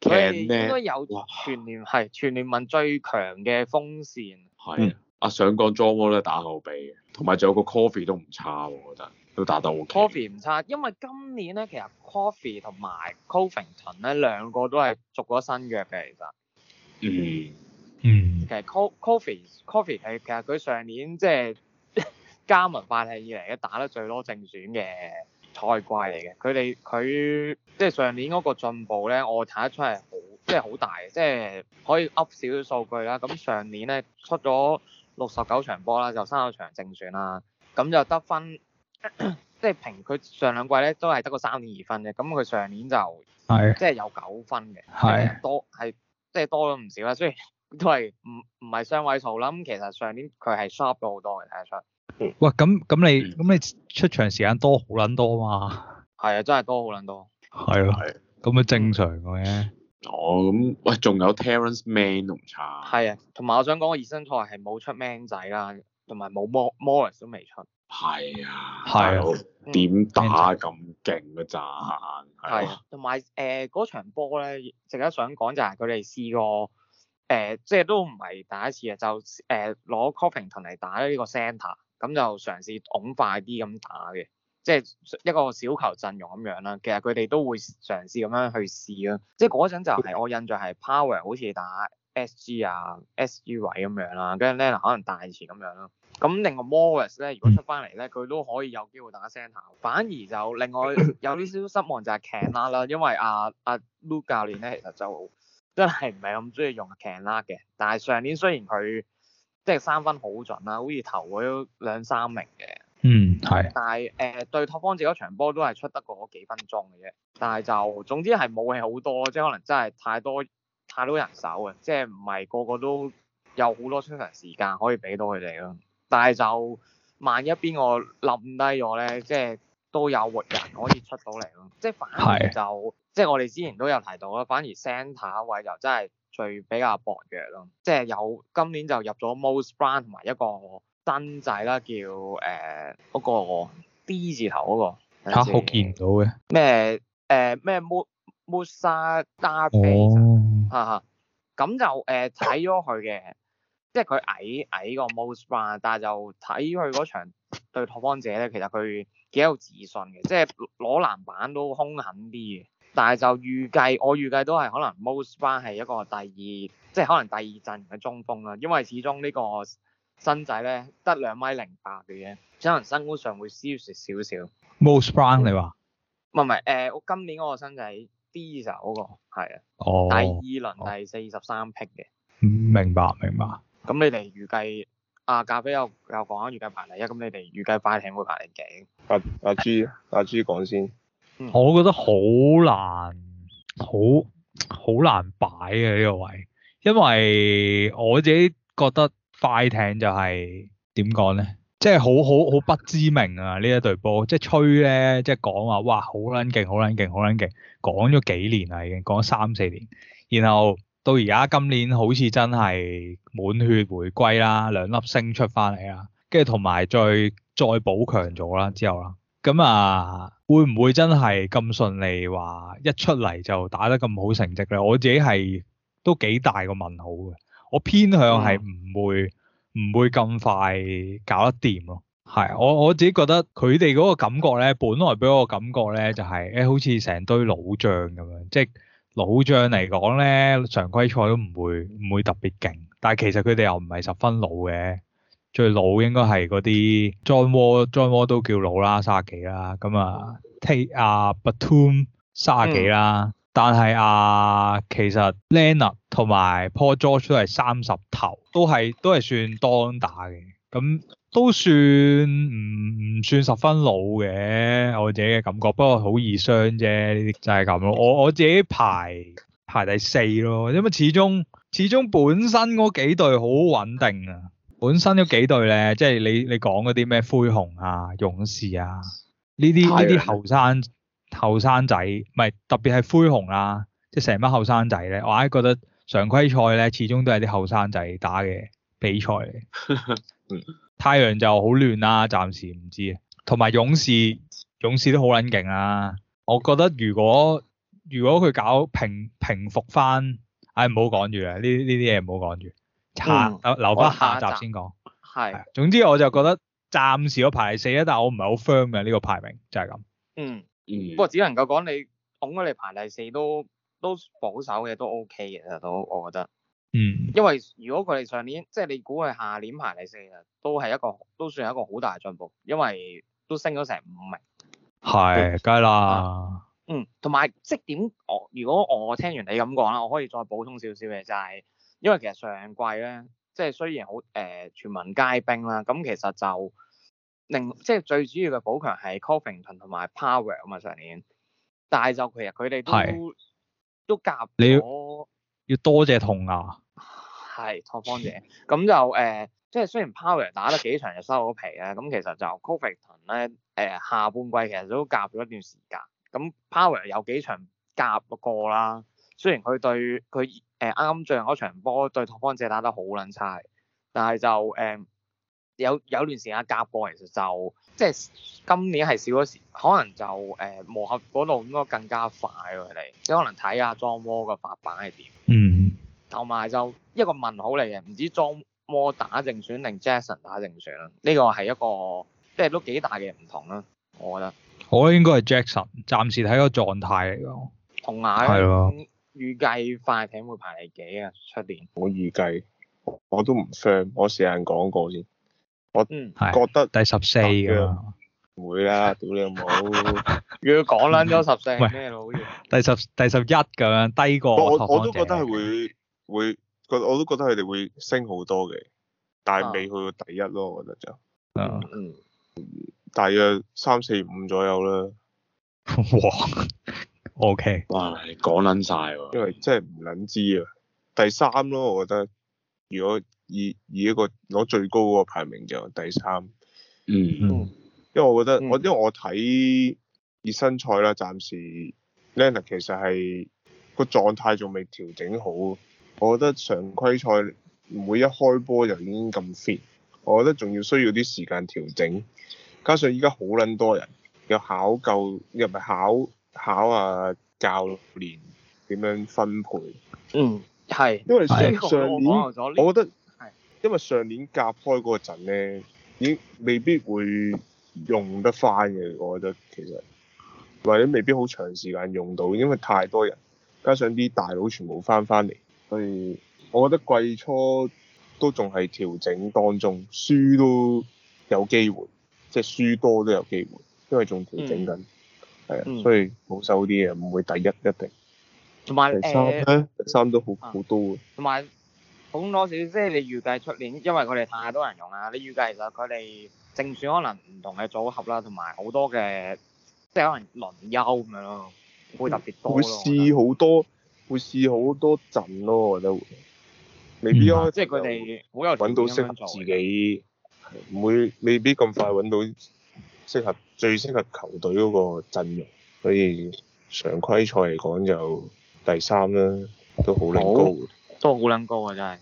其實應該有全年係全聯盟最強嘅風扇。係啊，阿上港 Jumbo 都係打後備，同埋仲有個 Coffee 都唔差，我覺得。都打得 OK，Coffee 唔差，因為今年咧，其實 Coffee 同埋 Covington 咧，兩個都係續咗新約嘅，其實，嗯，嗯，其實 Coffee，Coffee，Coffee 係其實佢上年即係加盟霸氣以嚟咧打得最多正選嘅賽季嚟嘅，佢哋佢即係上年嗰個進步咧，我睇得出係好，即係好大，即係可以 up 少少數據啦。咁上年咧出咗六十九場波啦，就三場正選啦，咁就得分。 即係平佢上兩季咧都係得個三點二分嘅，咁佢上年就係的即係有九分嘅，係的多係即係多咗唔少啦，所以都係唔唔係雙位數啦。咁其實上年佢係 sharp 咗好多嘅，睇得出。喂，咁咁你咁你出場時間多好撚多嘛？係啊，真係多好撚多。係咯，係，咁咪正常嘅哦，咁喂，仲 有 Terence Mann 都唔差。係啊，同埋我想講個熱身賽係冇出 Man 仔啦，同埋冇 Mo Morris 都未出。係啊，係、哎、點打咁勁嘅咋？係、嗯、啊，同埋誒嗰場波咧，值得想講就係佢哋試過誒、呃，即係都唔係第一次啊，就誒攞、呃、Covington 嚟打呢個 center，咁、嗯、就嘗試擁快啲咁打嘅，即係一個小球陣容咁樣啦。其實佢哋都會嘗試咁樣去試咯。即係嗰陣就係我印象係 power 好似打 SG 啊 SG 位咁樣啦，跟住咧可能大前咁樣咯。咁另外 Morris 咧，如果出翻嚟咧，佢都可以有機會打一聲下。反而就另外有啲少失望就係 Kennard 啦，因為阿啊，啊 Luke 教練咧，其實就真係唔係咁中意用 Kennard 嘅。但係上年雖然佢即係三分好準啦，好似投咗兩三名嘅。嗯，係。但係誒、呃、對拓荒者嗰場波都係出得過嗰幾分鐘嘅啫。但係就總之係武器好多，即係可能真係太多太多人手嘅，即係唔係個個都有好多出場時間可以俾到佢哋咯。但係就萬一邊我冧低咗咧，即係都有活人可以出到嚟咯。即係反而就是即係我哋之前都有提到啦。反而 centre 位就真係最比較薄弱咯。即係有今年就入咗 Mose Brand 同埋一個新仔啦，叫誒嗰個 D 字頭嗰個。嚇，好見唔到嘅咩？誒咩？Musa Darvesh。哦。嚇嚇，咁就誒睇咗佢嘅。呃即係佢矮矮過 Moses Brown，但係就睇佢嗰場對拓荒者咧，其實佢幾有自信嘅，即係攞籃板都兇狠啲嘅。但係就預計，我預計都係可能 Moses Brown 係一個第二，即係可能第二陣嘅中鋒啦。因為始終個新呢個新仔咧得兩米零八嘅啫，可能身高上會輸蝕少少少少。Moses Brown，你話唔係唔係？誒、嗯，我、呃、今年嗰個新仔 D 手嗰、嗰個係啊，哦、第二輪第四十三劈嘅。明白明白。咁、嗯、你哋預計啊，咖啡又又講緊預計排第一。咁你哋預計快艇會排第幾？阿阿朱，阿朱講先。我覺得好難，好好難擺啊！呢個位，因為我自己覺得快艇就係點講咧，即係好好好不知名啊！呢一隊波，即係吹咧，即係講話，哇，好撚勁，好撚勁，好撚勁，講咗幾年啦，已經講咗三四年，然後。到而家今年好似真係滿血回歸啦，兩粒星出翻嚟啦，跟住同埋再再補強咗啦之後啦，咁啊會唔會真係咁順利話一出嚟就打得咁好成績咧？我自己係都幾大個問號嘅，我偏向係唔會唔、嗯、會咁快搞得掂咯。係我我自己覺得佢哋嗰個感覺咧，本來俾我感覺咧就係、是、誒、欸、好似成堆老將咁樣，即係。老將嚟講咧，常規賽都唔會唔會特別勁，但係其實佢哋又唔係十分老嘅。最老應該係嗰啲 John Wall，John Wall 都叫老啦，卅幾啦。咁啊，Tae 啊 Batum 卅幾啦，um, 嗯、但係啊，其實 Leonard 同埋 Paul George 都係三十頭，都係都係算當打嘅。咁都算唔唔、嗯、算十分老嘅，我自己嘅感覺。不過好易傷啫，呢啲就係咁咯。我我自己排排第四咯，因為始終始終本身嗰幾隊好穩定啊。本身嗰幾隊咧，即係你你講嗰啲咩灰熊啊、勇士啊呢啲呢啲後生後生仔，唔係特別係灰熊啊，即係成班後生仔咧。我係覺得常規賽咧始終都係啲後生仔打嘅比賽嚟。 太陽就好亂啦、啊，暫時唔知。同埋勇士，勇士都好撚勁啊！我覺得如果如果佢搞平平復翻，唉唔好講住啊，呢呢啲嘢唔好講住，嚇留翻下集先講。係、嗯。看看總之我就覺得暫時排4，我排第四啦，但係我唔係好 firm 嘅呢個排名就，就係咁。嗯，不過只能夠講你捧咗你排第四都都保守嘅，都 OK 嘅，其實都我覺得。嗯，因為如果佢哋上年即係、就是、你估佢下年排第四啊，都係一個都算係一個好大嘅進步，因為都升咗成五名。係是，梗係啦。嗯，同埋即係點？我如果我聽完你咁講啦，我可以再補充少少嘅就係、是，因為其實上季咧，即係雖然好誒、呃、全民皆兵啦，咁其實就令即係最主要嘅補強係 Coffington 同埋 Power 啊嘛上年，但係就其實佢哋都是都夾，你要，要多謝同牙。係拓荒者，咁就誒、呃，即係雖然 Power 打得幾場就收咗皮啦，咁其實就 Covid 停咧，誒、呃、下半季其實都夾咗一段時間，咁 Power 有幾場夾過啦，雖然佢對佢誒啱啱最近嗰場波對拓荒者打得好撚差，但係就誒、呃、有有段時間夾過，其實就即係今年係少咗，可能就誒、呃、磨合嗰度應該更加快佢、啊、哋，即係可能睇下 j o e 個發板係點。同埋就一個問號嚟嘅，唔知 John 打正選定 Jackson 打正選呢個係一個，即係都幾大嘅唔同啦，我覺得。我覺得應該係 Jackson，暫時睇個狀態嚟咯。同埋，嘅。係咯。預計快艇會排幾啊？出年。我預計，我都唔 firm，我成日講過先。我覺得、嗯、第十四㗎。唔、嗯、會啦，屌 你有冇？要講啦，都十四。係咩路第十、第十一咁樣低過。我我都覺得係會。會覺我都覺得佢哋會升好多嘅，但係未去到第一咯，我覺得就，嗯嗯、uh，huh. 大約三四五左右啦。哇，OK，哇，講捻晒喎因為真係唔捻知啊。第三咯，我覺得如果以以一個攞最高嗰個排名就第三。嗯、uh，huh. 因為我覺得、uh huh. 我因為我睇熱身賽啦，暫時 Leonard 其實係個狀態仲未調整好。我覺得常規賽唔會一開波就已經咁 fit，我覺得仲要需要啲時間調整。加上依家好撚多人，又考夠，又咪考考下教練點樣分配。嗯，係。因為上上是年，我，我，我覺得係是因為上年隔開嗰陣咧，已經未必會用得翻嘅。我覺得其實或者未必好長時間用到，因為太多人，加上啲大佬全部翻翻嚟。所以，我覺得季初都仲係調整當中，輸都有機會，即、就、係、是、輸多都有機會，因為仲調整緊。係啊，所以保守啲嘅，唔會第一一定。同埋有第三、欸、都好好、啊、多。同埋，好多少即係你預計出年，因為佢哋太多人用啦。你預計其實佢哋正選可能唔同嘅組合啦，同埋好多嘅，即係可能輪休咁樣咯，會特別多咯。會試好多。會試好多陣咯、哦，我覺得未必啊、嗯。即係佢哋好有揾到適合自己，唔會未必咁快揾到適合最適合球隊嗰個陣容，所以常規賽嚟講就第三啦，都好撚高、哦，都好撚高啊！真係，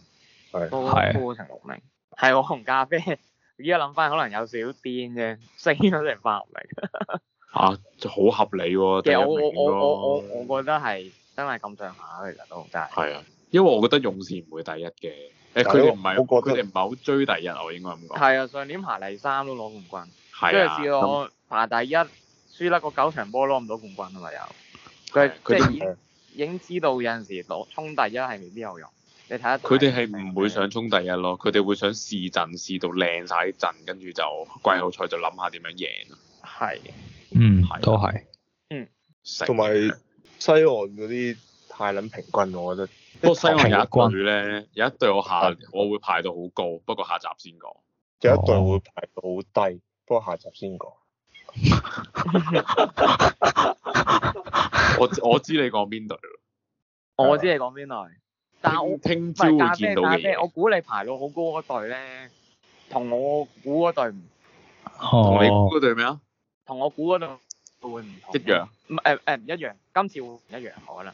係係是成六名。係的我同咖啡而家諗翻，可能有少啲啫，升咗成八名。呵呵啊，就好合理喎，第一名咯。其實我我我我我，我，我，我，我，我覺得係。真係咁上下，其實都真係。係啊，因為我覺得勇士唔會第一嘅，誒佢哋唔係佢哋唔係好追第一，我應該咁講。係啊，上年排第三都攞冠軍，即係、啊、試過排第一輸甩個九場波攞唔到冠軍啊咪？有們？佢係即係已已知道有陣時攞衝第一係未必有用。你睇下。佢哋係唔會想衝第一咯，佢哋會想試陣試到靚晒啲陣，跟住就季後賽就諗下點樣贏咯。係、啊。嗯，都係、啊。嗯。同埋、嗯。西岸嗰啲太撚平均，我覺得。不過西岸有一對咧，有一對我下我會排到好高，不過下集先講。有一對會排到好低，不過下集先講。我我知你講邊隊？我知你講邊隊？但係我聽朝會見到嘅。其實我估你排到好高嗰隊咧，同我估嗰隊唔同。你估嗰隊咩啊？同我估嗰隊。會唔同一、呃哎、一樣？唔誒唔一樣。今次會唔一樣？可能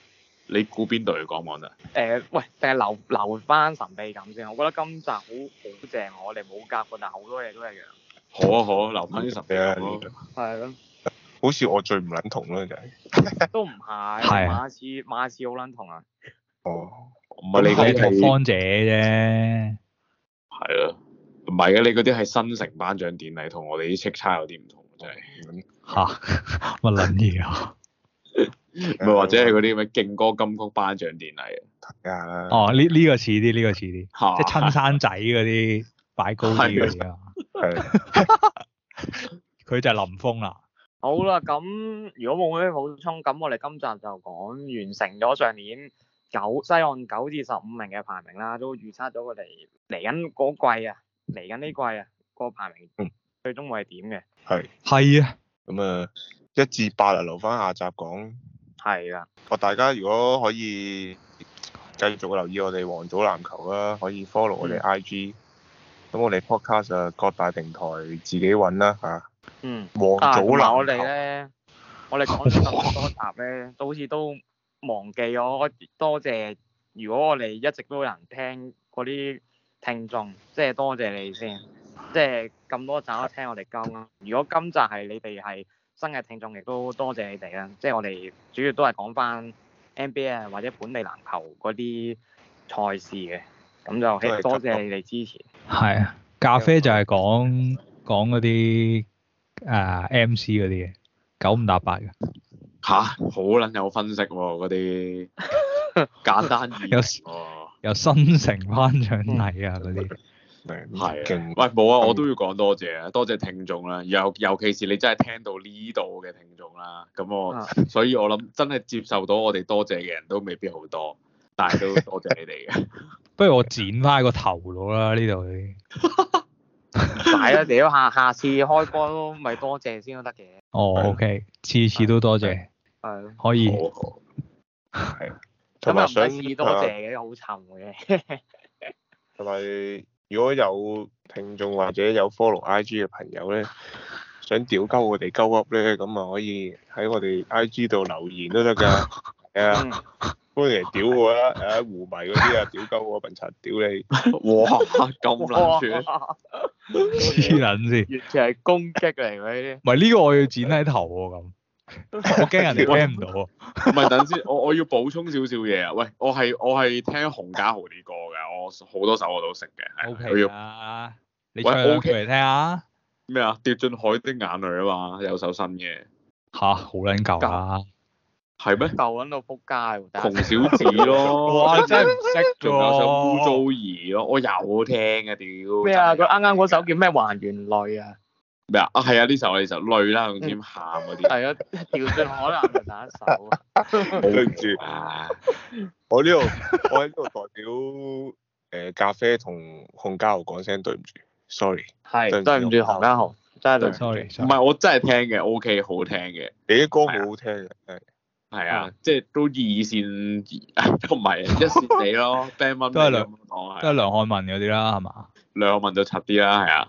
你估邊隊講講啊？誒喂，定係留留翻神秘感先？我覺得今集好好正，我哋冇夾過，但好多嘢都一樣。好啊好啊，留翻啲神秘喺度。係咯。好似我最唔撚同咯，就係。都唔係。係。馬刺馬刺好撚同啊！哦，唔係你嗰啲同方姐啫。係啊，唔係嘅，你嗰啲係新城頒獎典禮，同我哋啲叱咤有啲唔同，真係。吓，乜撚嘢啊？唔 或者係嗰啲咩勁歌金曲頒獎典禮啊？ 哦，呢、呢、呢個似啲，呢、呢個似啲， 即係親生仔嗰啲擺高啲嗰啲啊。佢 就係林峯啦。 好啦，咁如果冇咩補充，咁我哋今集就講完成咗上年九西岸九至十五名嘅排名啦，都預測咗佢哋嚟緊嗰季啊，嚟緊呢季啊個排名最終會係點嘅？係 是。係啊。咁啊，一至八啊，留翻下集講。係啊，我大家如果可以繼續留意我哋王祖籃球啦，可以 follow 我哋 I G。咁我哋 podcast 啊，各大平台自己揾啦吓。嗯。王祖籃球。啊，同埋我哋咧，我哋講咗咁多集咧，都好似都忘記咗。多謝，如果我哋一直都有人聽嗰啲聽眾，即係多謝你先。即係咁多集聽我哋講啦，如果今集係你哋係新嘅聽眾，亦都多謝你哋啦。即係我哋主要都係講翻 NBA 或者本地籃球嗰啲賽事嘅，咁就多謝謝你哋支持。係啊，咖啡就係講講嗰啲啊 MC 嗰啲嘢，九五搭八嘅。吓，好撚有分析喎、啊，嗰啲 簡單、啊、有有新城頒獎禮啊嗰啲。 係啊，喂，冇啊，我都要講多謝啊，多謝聽眾啦，尤尤其是你真係聽到呢度嘅聽眾啦，咁我，啊、所以我諗真係接受到我哋多謝嘅人都未必好多，但係都多謝，謝你哋嘅。 不如我剪翻個頭腦啦呢度，你。使啊， 你咗下下次開波咯，咪多謝先都得嘅。哦、oh,，OK，次次都多謝。係、啊。可以。係。咁又唔使多謝嘅，好沉嘅。同埋、啊。醜 如果有聽眾或者有 follow I G 嘅朋友咧，想屌鳩我哋鳩 up 咧，咁啊可以喺我哋 I G 度留言都得噶，係 啊，歡迎嚟屌我啦，誒湖迷嗰啲啊，屌鳩我笨柒，屌你！哇，咁諗住？黐撚線！ 病 完全係攻擊嚟㗎啲。唔係呢個我要剪低頭喎咁。我驚人哋聽唔到啊！ 唔係等先，我我要補充少少嘢啊！喂，我係我係聽洪嘉豪啲歌嘅，我好多首我都識嘅。O K 啦，你唱 O K 嚟聽下。咩啊？跌進海的眼淚啊嘛，有首新嘅。吓，好撚舊啊！係咩？舊撚到撲街喎！小子咯，我 真係唔識嘅咯。仲、啊、有首污糟兒咯，我有聽嘅屌。咩麼的啊？佢啱啱嗰首叫咩？還原淚啊！咩啊？係啊！呢首我哋就累啦，用尖喊嗰啲。係啊，調轉可能第一首啊。對唔住啊！我呢度我喺呢度代表誒咖啡同洪家豪講聲對唔住，sorry。係對唔住洪家豪，真係對 sorry。唔係我真係聽嘅，OK 好聽嘅。你啲歌好好聽嘅，係啊，即係都二線，都唔係一線地咯。b a 都係梁，都係梁漢文嗰啲啦，係嘛？梁漢文就插啲啦，係啊。